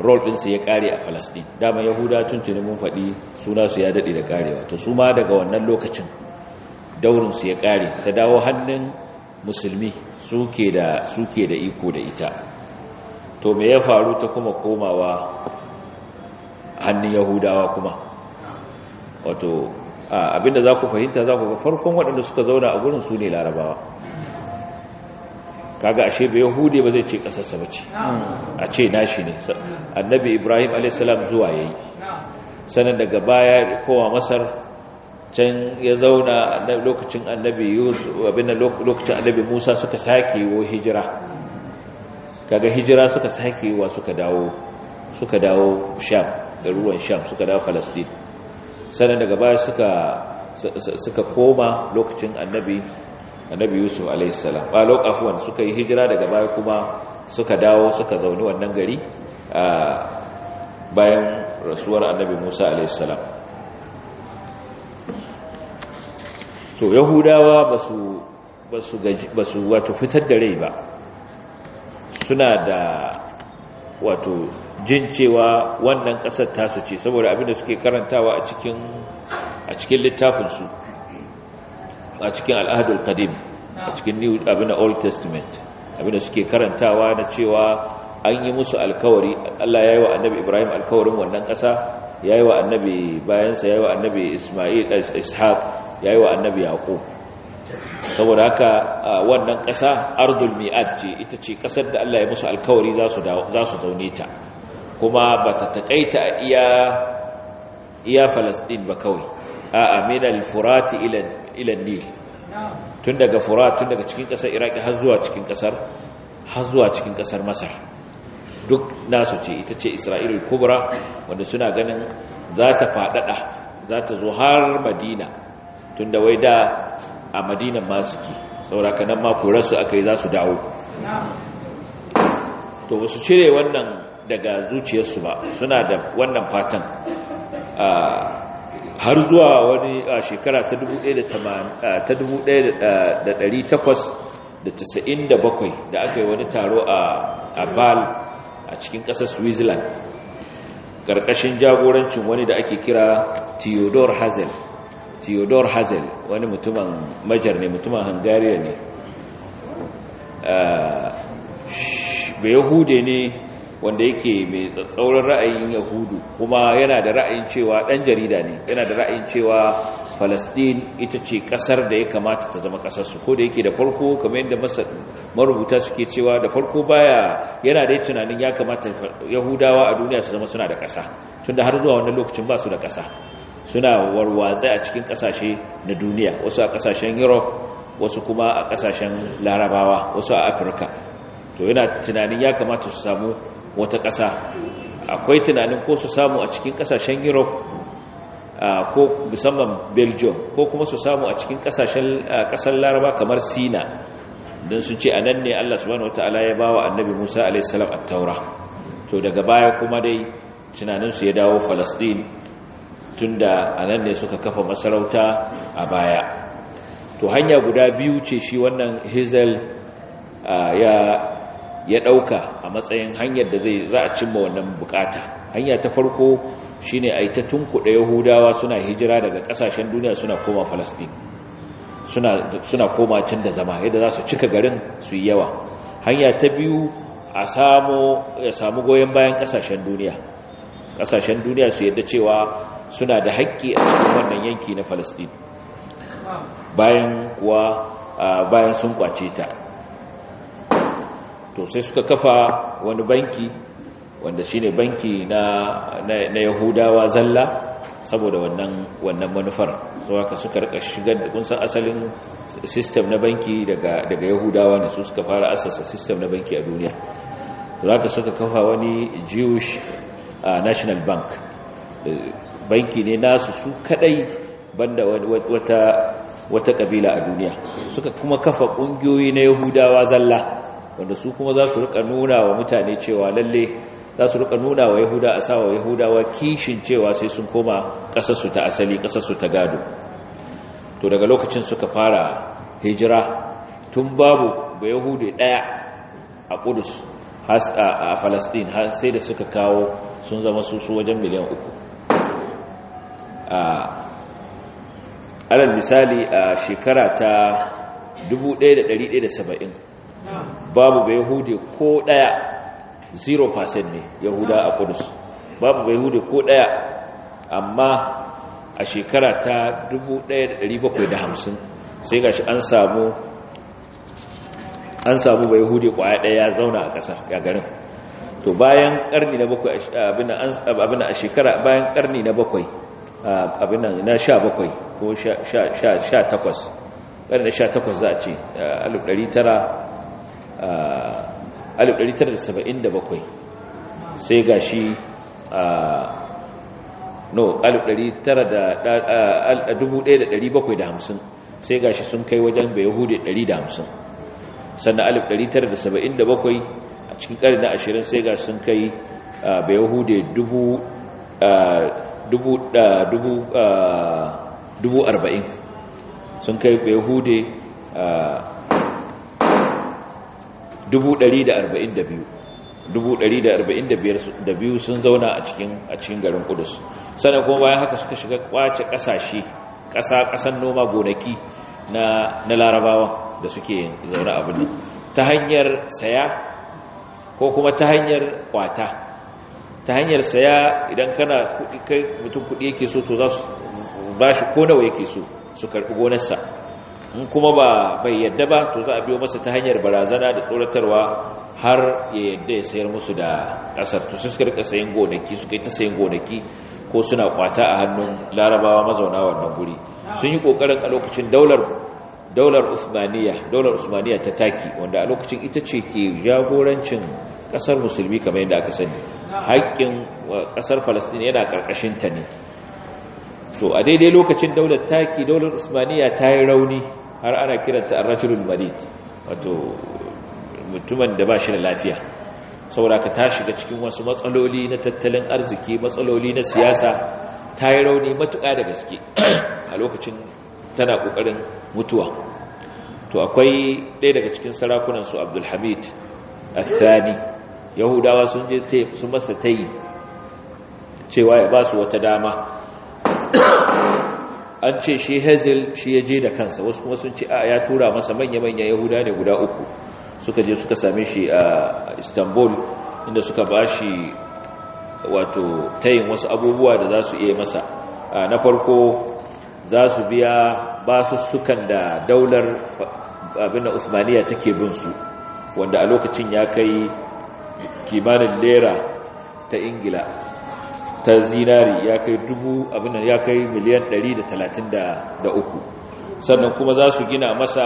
rol ɗinsu ya kare a falasɗin dama yahuda tuntuni mun faɗi suna su ya daɗe da karewa to su ma daga wannan lokacin daurinsu ya kare ta dawo hannun musulmi suke da suke da iko da ita to me ya faru ta kuma komawa hannun yahudawa kuma wato abinda za ku fahimta za ku ga farkon waɗanda suka zauna a gurin su ne larabawa kaga ashe ba yahudi ba zai ce ƙasarsa ba ce a ce nashi ne annabi ibrahim a.s. zuwa ya yi sanar daga baya kowa masar can ya zauna lokacin annabi yusuf abin lokacin annabi musa suka sake yiwo hijira kaga hijira suka sake wa suka dawo suka dawo sham da ruwan sham suka dawo falastin sannan daga baya suka suka koma lokacin annabi annabi yusuf salam ba ah, lokacin suka yi hijira daga baya kuma suka dawo suka zauni wannan gari ah, bayan rasuwar annabi musa salam to yahudawa basu su wato fitar da rai ba suna da wato jin cewa wannan kasar tasu ce saboda abinda suke karantawa a cikin littafinsu a cikin al'adul qadim a cikin new abin old testament abinda suke karantawa na cewa an yi musu alkawari Allah ya yi wa annabi Ibrahim alkawarin wannan ƙasa ya yi wa annabi bayansa ya yi wa annabi Ismail ishaq yayi wa annabi yaqub saboda haka wannan ƙasa ardul mi'ad ce ita ce ƙasar da Allah ya musu alkawari za su zaune ta kuma ba ta taƙaita a iya falasɗin ba kawai a aminal furati ilan nil tun daga Fura tun daga cikin ƙasar iraki har zuwa cikin ƙasar har zuwa cikin ƙasar masar duk nasu ce ita ce isra'ilul kubra wanda suna ganin za ta faɗaɗa za ta zo har madina tun da wai da a madinan ma suke sauraka nan ma korarsu aka yi za su dawo to ba su cire wannan daga zuciyarsu ba suna da wannan fatan har zuwa wani shekara ta 1897 da aka yi wani taro a bal a cikin ƙasar switzerland ƙarƙashin jagorancin wani da ake kira theodore hazel theodore hazel wani mutumin majar ne mutumin hungarian ne ah, bai yahude ne wanda yake mai tsatsauran ra'ayin yahudu kuma yana da ra'ayin cewa ɗan jarida ne yana da ra'ayin cewa falastin ita ce ƙasar da ya kamata ta zama ƙasarsu ko da yake da farko kamar yadda marubuta suke cewa da farko baya yana da tunanin ya kamata yahudawa a duniya su zama suna da ƙasa tunda har zuwa wannan lokacin ba su da ƙasa suna warwatse a cikin ƙasashe na duniya wasu a ƙasashen europe wasu kuma a ƙasashen larabawa wasu a afirka to yana tunanin ya kamata su samu wata ƙasa akwai tunanin ko su samu a cikin ƙasashen europe ko musamman belgium ko kuma su samu a cikin ƙasar laraba kamar sina don sun ce a nan ne allah wani wata'ala ya ba wa annabi musa alaihissalam a taura to daga baya kuma dai tunanin su ya dawo falastin tun da a nan ne suka kafa masarauta a baya to hanya guda biyu ce shi wannan hazel ya ya ɗauka a matsayin hanyar da zai za a cimma wannan bukata hanya ta farko shine a yi ta tunkuɗa yahudawa suna hijira daga ƙasashen duniya suna koma falastin suna koma can da zama yadda za su cika garin su yi yawa hanya ta biyu a samu goyon bayan ƙasashen duniya ƙasashen duniya su yadda cewa suna da haƙƙi a cikin wannan yanki na falastin bayan kuwa bayan sun kwace ta to sai suka kafa wani banki wanda shine banki na na, yahudawa zalla saboda wannan wannan manufar zuwa ka suka rika shigar da kun asalin system na banki daga daga yahudawa ne su suka fara asasa system na banki a duniya to ka suka kafa wani jewish uh, national bank banki ne nasu su kadai banda wata wata kabila a duniya suka kuma kafa kungiyoyi na yahudawa zalla wanda su kuma za su rika nuna wa mutane cewa lalle za su rika nuna wa yahuda a sawa yahudawa kishin cewa sai sun koma ƙasarsu ta asali ƙasarsu ta gado to daga lokacin suka fara hijira tun babu ga yahudi ɗaya a ƙudus a falastin sai da suka kawo sun zama susu wajen miliyan uku alal misali a shekara ta 1170 babu bai yahudi ko daya 0% ne yahuda a kudus babu bai yahudi ko daya amma a shekara ta 1750 sai gashi an samu an samu bai yahudi kwaya daya ya zauna a kasar ya garin to bayan karni na bakwai abin a shekara bayan karni na bakwai abin na sha bakwai ko sha takwas ƙarni na sha takwas za a ce alif ɗari tara 1977 sai ga shi no 1750 sai gashi sun kai wajen bai hudu 150 sannan 1977 a cikin karin na ashirin sai gashi sun kai bai yahudi 40 sun kai bai yahudi 1142 sun zauna a cikin garin Kudus sannan kuma bayan haka suka shiga kwace kasashe ƙasa ƙasan noma gonaki na Larabawa da suke zaune a birnin ta hanyar saya ko kuma ta hanyar kwata ta hanyar saya idan kana kai mutum kudi yake so to za su ba ko nawa yake so su karɓi gonarsa in kuma ba bai yadda ba to za a biyo masa ta hanyar barazana da tsoratarwa har ya yadda ya sayar musu da ƙasar to su suka rika sayan gonaki suka yi ta sayan gonaki ko suna kwata a hannun larabawa mazauna wannan guri sun yi ƙoƙarin a lokacin daular daular usmaniya daular usmaniya ta taki wanda a lokacin ita ce ke jagorancin ƙasar musulmi kamar yadda aka sani haƙƙin kasar falastin yana ƙarƙashin ta ne to a daidai lokacin daular taki daular usmaniya ta yi rauni har ana kiranta ar-rajulul marid wato mutumin da ba shi da lafiya saboda ka ta shiga cikin wasu matsaloli na tattalin arziki matsaloli na siyasa ta yi rauni matuƙa da gaske a lokacin tana ƙoƙarin mutuwa to akwai ɗaya daga cikin sarakunansu abdulhamid athani yahudawa sun je sun masa tayi cewa ya ba su wata dama an ce shi hazel shi ya je da kansa wasu kuma sun ce a ya tura masa manya-manya yahuda ne guda uku suka je suka same shi a istanbul inda suka ba shi wato tayin wasu abubuwa da za su iya masa na farko za su biya basussukan da daular abin usmaniya take bin su wanda a lokacin ya kai kimanin lera ta ingila ta zinari ya kai dubu abinan ya kai miliyan 133 sannan kuma za su gina masa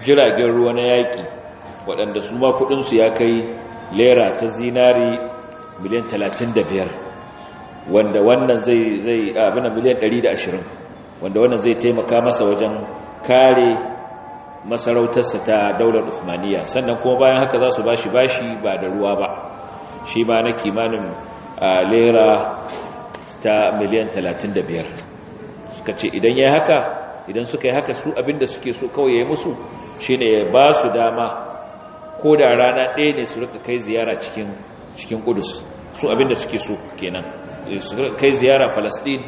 jiragen ruwa na yaƙi waɗanda su ma kuɗinsu ya kai lera ta zinari miliyan 35 wanda wannan zai zai abinan miliyan 120 wanda wannan zai taimaka masa wajen kare masarautarsa ta daular usmaniya sannan kuma bayan haka za su bashi bashi ba da ruwa ba shi ba na kimanin a lera ta miliyan 35 suka ce idan ya haka idan suka yi haka su abinda suke so kawai ya yi musu shi ya ba su dama ko da rana ɗaya ne su rika kai ziyara cikin kudus su abinda suke so kenan su rika kai ziyara falastin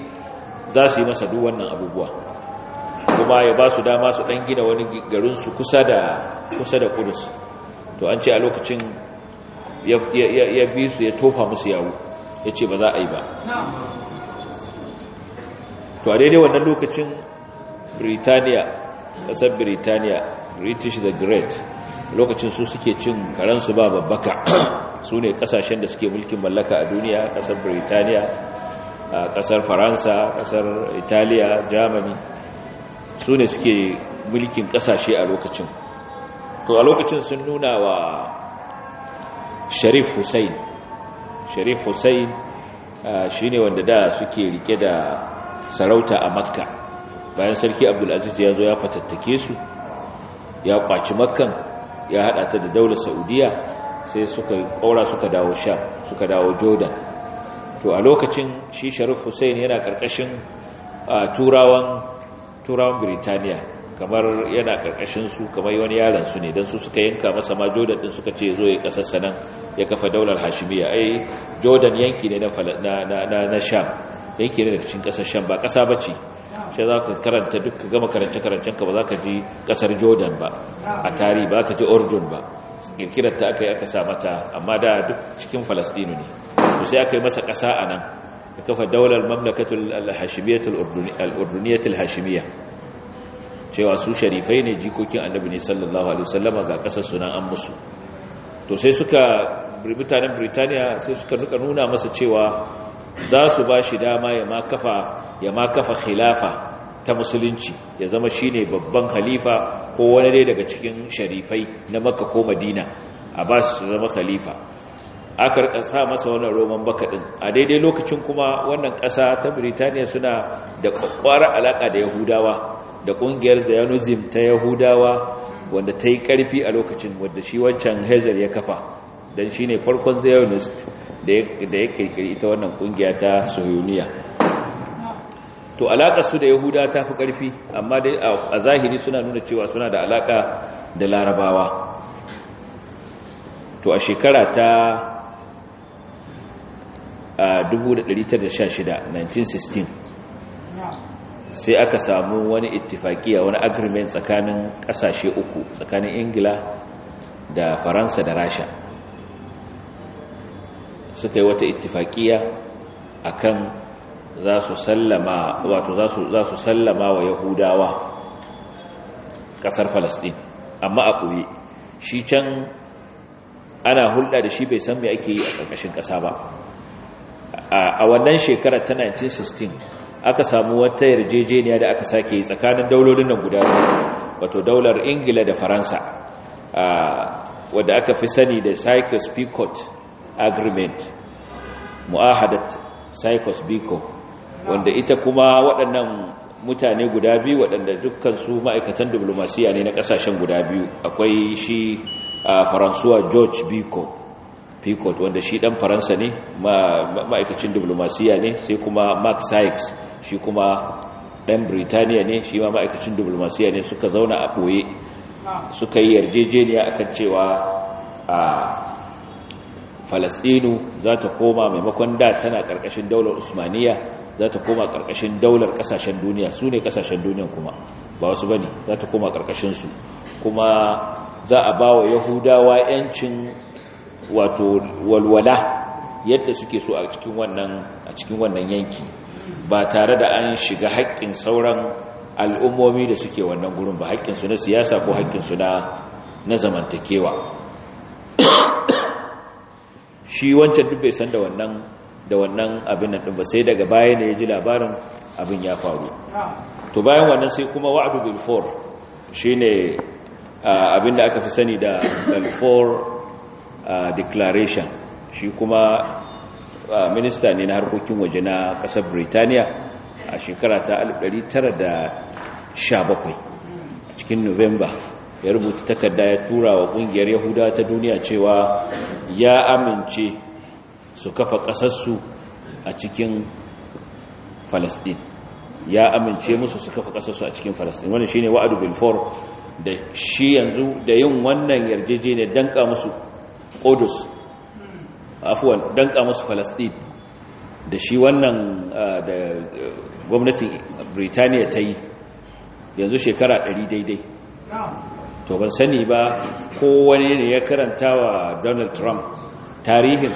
za su yi masa duk wannan abubuwa kuma ya ba su dama su ɗan gina wani garinsu kusa da kudus to an ce a lokacin ya bi su ya tofa musu yawo ya ce ba za a yi ba to a daidai wannan lokacin Biritaniya, ƙasar Biritaniya, British the Great lokacin su suke cin karansu ba babbaka <coughs> su ne ƙasashen da suke mulkin mallaka a duniya ƙasar a ƙasar Faransa ƙasar Italiya Germany su ne suke mulkin ƙasashe a lokacin to a lokacin sun nuna wa Sharif Hussein sharif hussein ah, shi ne wanda da suke rike da sarauta a makka bayan sarki abdulaziz ya zo ya fatattake su ya kwaci makkan ya hada ta da daular saudiya sai suka suka dawo sha suka dawo jordan to a lokacin shi sharif hussein yana ƙarƙashin ah, turawan turawan birtaniya kamar yana karkashin su kamar wani yaron su ne dan su suka yanka masa ma Jordan din suka ce zo ya kasar sanan ya kafa daular Hashimiyya ai Jordan yanki ne na na na Sham yanki ne daga cikin kasar Sham ba kasa bace sai za ka karanta duk gama karance karancen ka ba za ka ji kasar Jordan ba a tarihi ba ka ji Urdun ba kirkirar ta aka yi aka sa mata amma da duk cikin Falastinu ne to sai aka yi masa kasa anan ya kafa daular mamlakatul al-hashimiyatul urduniyatul hashimiyya cewa su sharifai ne jikokin annabi ne sallallahu alaihi wasallama ga kasar suna an musu to sai suka mutanen Birtaniya sai suka nuka nuna masa cewa za su ba shi dama ya ma kafa ya ma kafa khilafa ta musulunci ya zama shine babban khalifa ko wani dai daga cikin sharifai na Makka ko Madina a ba su zama khalifa aka rika sa masa wannan roman baka din a daidai lokacin kuma wannan ƙasa ta Birtaniya suna da kwakwara alaka da Yahudawa da kungiyar zionism ta yahudawa wanda ta yi ƙarfi a lokacin wadda shi wancan hezer ya kafa don shi ne farkon zionist da ya kirkiri ita wannan kungiya ta soyuniya to alaƙa su da yahuda ta fi ƙarfi amma dai a zahiri suna nuna cewa suna da alaƙa da larabawa to a shekara ta 1916 sai aka samu wani ittifaqiya wani agreement tsakanin kasashe uku tsakanin ingila da faransa da rasha suka yi wata ittifaqiya akan za su sallama wato za su sallama wa yahudawa kasar falastin amma a kuyi shi can ana hulɗa da shi bai san me ake yi a ƙarƙashin ƙasa ba a wannan shekarar ta 1916 aka samu wata yarjejeniya da aka sake yi tsakanin daulolin nan guda wato daular ingila da faransa wadda aka fi sani da Sykes-Picot agreement mu'ahadat Sykes-Picot wanda ita kuma waɗannan mutane guda biyu waɗanda dukkansu ma'aikatan diplomasiya ne na ƙasashen guda biyu akwai shi a faransuwa george biko picot wanda shi dan faransa ne ma'aikacin diplomasiya ne sai kuma mark sykes shi kuma dan Britaniya ne shi ma ma'aikacin diplomasiya ne suka zauna a boye suka yi yarjejeniya akan cewa a falastinu za ta koma maimakon da tana karkashin daular usmaniya za ta koma karkashin daular kasashen duniya su ne kasashen duniyan kuma ba wasu ba ne za ta koma su kuma za a ba wa yahudawa 'yancin wato walwala yadda suke so a cikin wannan a cikin wannan yanki ba tare da an shiga haƙƙin sauran al'ummomi da suke wannan gurin ba haƙƙinsu na siyasa ko haƙƙinsu na na zamantakewa <coughs> shi wancan duk bai san da wannan da wannan abin nan din ba sai daga baya ne ya ji labarin abin ya faru to bayan wannan sai kuma wa'du bil fur shine abin da aka fi sani da al four. declaration shi kuma minista ne na harkokin waje na ƙasar Birtaniya a shekara ta 1917 cikin November ya rubuta takarda ya tura wa ƙungiyar Yahuda ta duniya cewa ya amince su kafa ƙasarsu a cikin palestine ya amince musu su kafa ƙasarsu a cikin palestine wannan shine wa'adu bilfor da shi yanzu da yin wannan yarjejeniyar danka musu Qudus afwan danka musu Palestine da shi wannan ah, da eh, gwamnatin Britaniya ta yi yanzu shekara 100 daidai to ban sani ba kowane ne ya karanta wa Donald Trump tarihin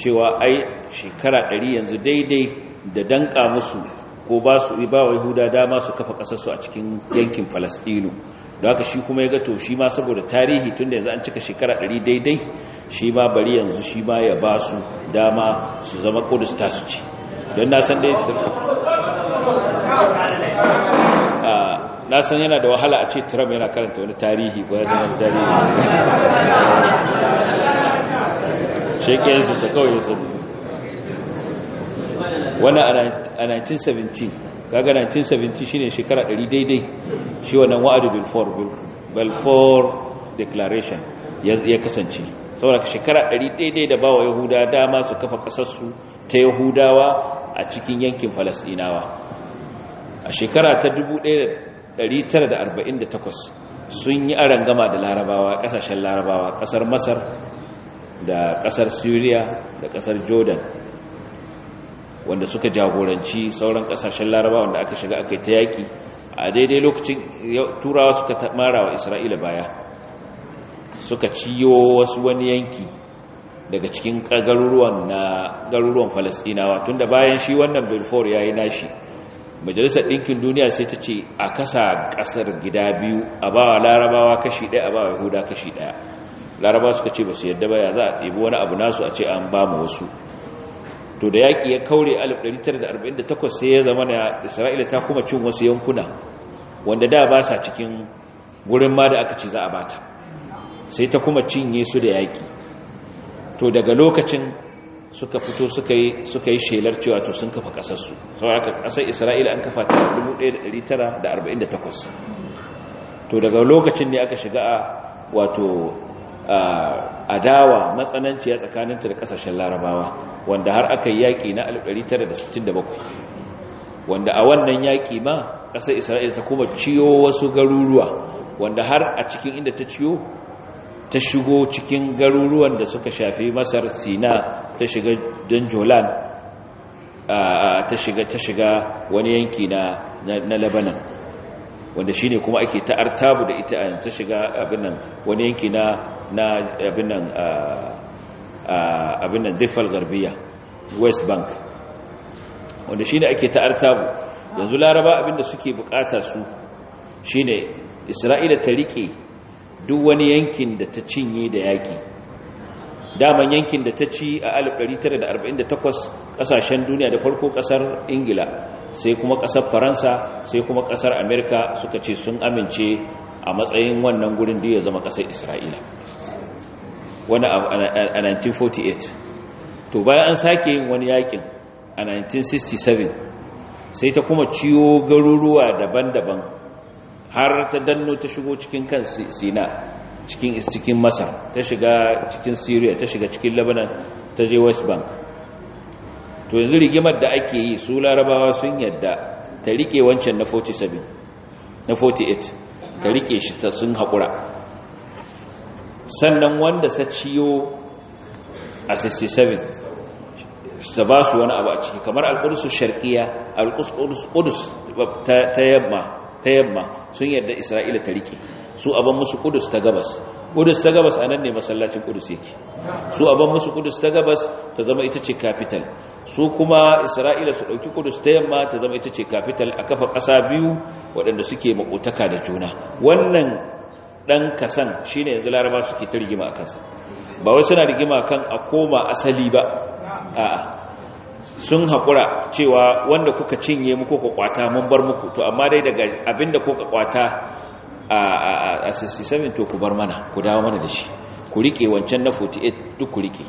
cewa ai shekara 100 yanzu daidai da danka musu ko ba su ibawa Yahuda dama su kafa kasarsu a cikin yankin Palestine da haka shi kuma ya ga to shi ma saboda tarihi tun da yanzu an cika shekara 100 daidai shi ma bari yanzu shi ma ya ba su dama su zama kudus ta su ci don nasan san ɗaya ah, na yana da wahala a ce trump yana karanta wani tarihi ba ya zama tarihi shekiyarsa sa kawai ya sani wani a 1917 kaga 1970 shine shekara 100 daidai shi wannan wa'adu balfour balfour declaration ya kasance saboda shekara 100 daidai da bawa yahuda dama su kafa kasarsu ta yahudawa a cikin yankin falasdinawa a shekara ta 1948 sun yi arangama da larabawa kasashen larabawa kasar masar da kasar syria da kasar jordan wanda suka jagoranci sauran kasashen laraba wanda aka shiga aka yi ta yaƙi a daidai lokacin turawa suka mara wa isra'ila baya suka ciyo wasu wani yanki daga cikin garuruwan falasinawa garuruwan tun da bayan shi wannan belfort ya yi nashi majalisar ɗinkin duniya sai ta ce a kasa ƙasar gida biyu a ba wa larabawa kashi ɗaya a ba yahuda kashi ɗaya larabawa suka ce ba su yadda ba ya za a ɗebi wani abu nasu a ce an ba mu wasu to da yaƙi ya kaure 1948 sai ya zama na isra'ila ta kuma cin wasu yankuna wanda da ba sa cikin wurin ma da aka ce za a bata sai ta kuma cinye su da yaƙi to daga lokacin suka fito suka yi shelar cewa to sun kafa kasarsu sau aka kasar isra'ila an kafa ta 1948 to daga lokacin ne aka shiga a wato adawa matsananciya tsakaninta da kasashen larabawa wanda har aka yi yaƙi na 1967 wanda a wannan yaƙi ma ƙasar isra'ila ta kuma ciyo wasu garuruwa wanda har a cikin inda ta ciyo ta shigo cikin garuruwan da suka shafi masar sina ta shiga jolan ta shiga ta shiga wani yanki na na labanan wanda shi kuma ake ta'artabu da ita ta shiga abin nan wani yanki na na abin nan abin garbiya west bank wanda shine ake ta'arta yanzu laraba abin da suke bukata su shine isra'ila ta rike duk wani yankin da ta cinye da yaki daman yankin da ta ci a 1948 kasashen duniya da farko kasar ingila sai kuma kasar faransa sai kuma kasar amerika suka ce sun amince a matsayin wannan gurin da ya zama ƙasar isra'ila wani a 1948 to bayan an sake yin wani yakin a 1967 sai ta kuma ciwo garuruwa daban-daban har ta danno ta shigo cikin kan sina cikin cikin masar ta shiga cikin syria ta shiga cikin lebanon ta je west bank to yanzu rigimar da ake yi su larabawa sun yadda ta rike wancan na 47 na ta rike shi ta sun haƙura sannan wanda sa ciyo a 67 ta ba su wani abu a ciki kamar alƙudusu sharkiya alƙudus ta yamma sun yarda isra'ila ta rike su aban musu kudus ta gabas kudus ta gabas anan ne masallacin kudus yake su aban musu kudus ta gabas ta zama ita ce capital su kuma isra'ila su ɗauki kudus ta yamma ta zama ita ce capital a kafa ƙasa biyu waɗanda suke makotaka da juna wannan ɗan kasan shine yanzu laraba suke ta rigima a kansa ba wai suna rigima kan a koma asali ba a'a sun haƙura cewa wanda kuka cinye muku ku kwata mun bar muku to amma dai daga abinda kuka kwata a 67 to ku bar mana ku dawo mana da shi ku rike wancan na 48 duk ku rike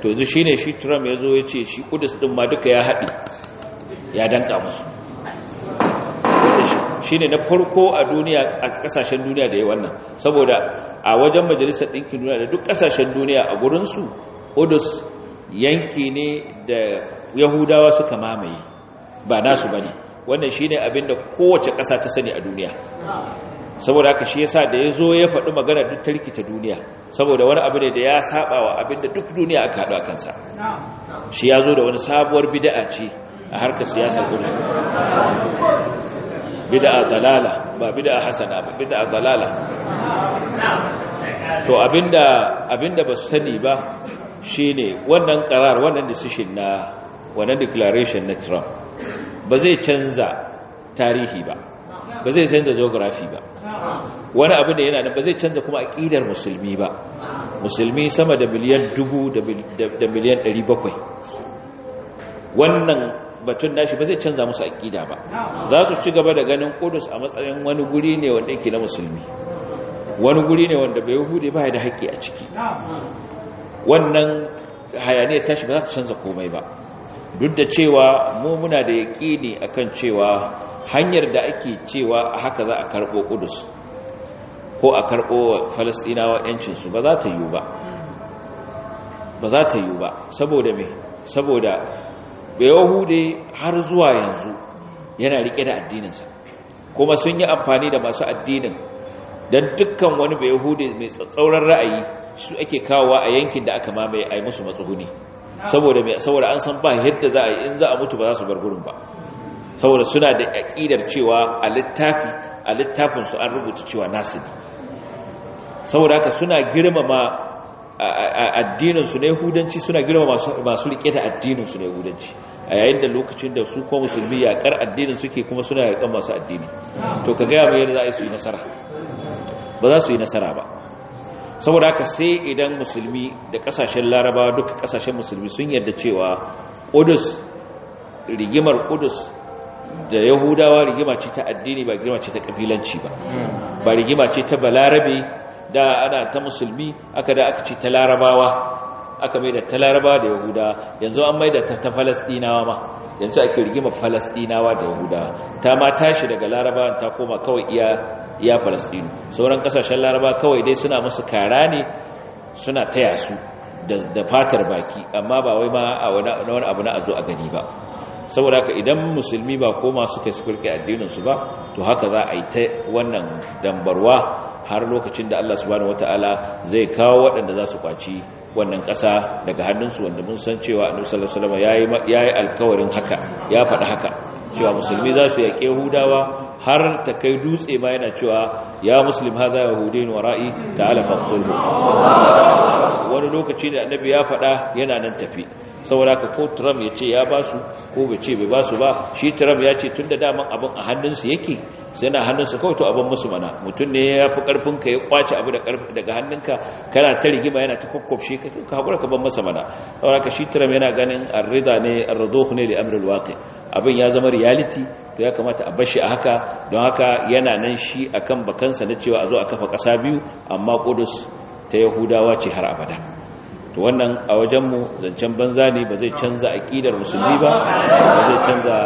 to yanzu shi ne shi trump ya zo ya ce shi kudus din ma duka ya haɗi ya danka musu shi ne na farko a duniya a ƙasashen duniya da ya wannan saboda a wajen majalisar ɗinkin duniya da duk ƙasashen duniya a gurinsu kudus yanki ne da yahudawa suka mamaye ba nasu ba ne wannan shine abin da kowace ƙasa ta sani a duniya saboda haka shi yasa da yazo ya faɗi magana duk ta rikita duniya saboda wani abu ne da ya saba wa abin da duk duniya aka haɗu a kansa shi ya zo da wani sabuwar bid'a ce a harkar siyasar kudu bid'a dalala ba bid'a hasana ba bid'a dalala to abinda abinda ba su sani ba shine wannan karar wannan decision na wannan declaration na Trump ba zai canza tarihi ba ba zai canza geography ba wani abu da yana nan ba zai canza kuma aƙidar musulmi ba musulmi sama da miliyan dubu da miliyan ɗari bakwai wannan batun nashi ba zai canza musu aƙida ba za su ci gaba da ganin kudus a matsayin wani guri ne wanda yake na musulmi wani guri ne wanda bai hude ba ya da haƙƙi a ciki wannan hayaniyar tashi ba za ta canza komai ba duk da cewa mu muna da yaƙini akan cewa hanyar da ake cewa haka za a karɓo ƙudus ko a karɓo falasɗinawa 'yancinsu ba za ta yiwu ba ba za ta yiwu ba saboda me saboda yahude har zuwa yanzu yana riƙe da addininsa kuma sun yi amfani da masu addinin don dukkan wani yahude mai tsatsauran ra'ayi su ake kawowa a yankin da aka mamaye a yi musu matsuguni saboda me saboda an san ba yadda za a yi in za a mutu ba za su bar gurin ba saboda suna da aqidar cewa a littafi a littafin su an rubuta cewa nasibi saboda haka suna girmama addinin su ne hudanci suna girmama masu rike da addinin su ne hudanci a yayin da lokacin da su ko musulmi yakar addinin suke kuma suna yakan masu addini to ka gaya mu yadda za a yi su yi nasara ba za su yi nasara ba saboda haka sai idan musulmi da kasashen larabawa duka kasashen musulmi sun yarda cewa ƙudus rigimar ƙudus da yahudawa rigima ce ta addini ba rigima ce ta kabilanci ba hmm. ba rigima ce ta balarabe da ana ta musulmi aka da aka ce ta larabawa aka mai da ta larabawa da yahudawa yanzu an mai da ta falasdinawa ma yanzu ake rigima falastinawa da yahudawa ta ma tashi daga laraba ta koma kawai iya iya falastinu sauran kasashen laraba kawai dai suna musu kara ne suna taya su da fatar baki amma ba wai ma a wani abu na azo a gani ba saboda haka idan musulmi ba koma suka sukurke addininsu ba to haka za a yi ta wannan dambarwa har lokacin da Allah subhanahu wataala zai kawo waɗanda za su kwaci wannan ƙasa daga hannunsu wanda mun san cewa annabi sallallahu alaihi wasallam yayi alkawarin haka ya faɗi haka cewa musulmi za su yaƙe hudawa har ta kai dutse ma yana cewa ya muslim hadha yahudin wara'i ta'ala faqtulhu wani lokaci da annabi ya faɗa yana nan tafi saboda ka ko Trump ya ce ya basu ko bai ce bai basu ba shi Trump ya ce tun da daman abin a hannunsu yake sai na hannunsu kawai to abin musu mana mutum ne ya fi karfin ka ya kwace abu daga hannunka kana ta rigima yana ta kokkwafshe ka ka haƙura ka ban masa mana saboda ka shi Trump yana ganin arrida ne arduh ne da amrul waqi abin ya zama reality to ya kamata a bashi a haka don haka yana nan shi akan bakansa na cewa a zo a kafa ƙasa biyu amma ƙudus ta yahudawa ce har abada to wannan a wajenmu zancen banza ne ba zai canza aƙidar musulmi ba ba zai canza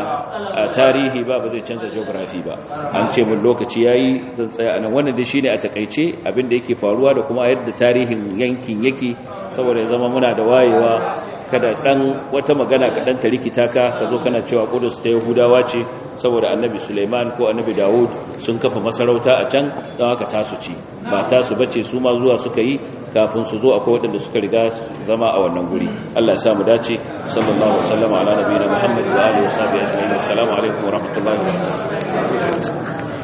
a tarihi ba ba zai canza geografi ba an ce mun lokaci ya yi zan tsaya nan wannan shi ne a takaice abin da yake faruwa da kuma yadda tarihin yankin yake saboda ya zama muna da wayewa kada dan wata magana kaɗan ta rikita ka ka zo kana cewa kudus ta yahudawa ce saboda annabi suleiman ko annabi dawud sun kafa masarauta a can dan haka tasu ci ba tasu bace su ma zuwa suka yi kafin su zo akwai waɗanda suka riga zama a wannan guri allah ya sa mu dace sallallahu alaihi wasallam ala nabiyina muhammad wa alihi wa sahbihi ajma'in assalamu alaikum wa rahmatullahi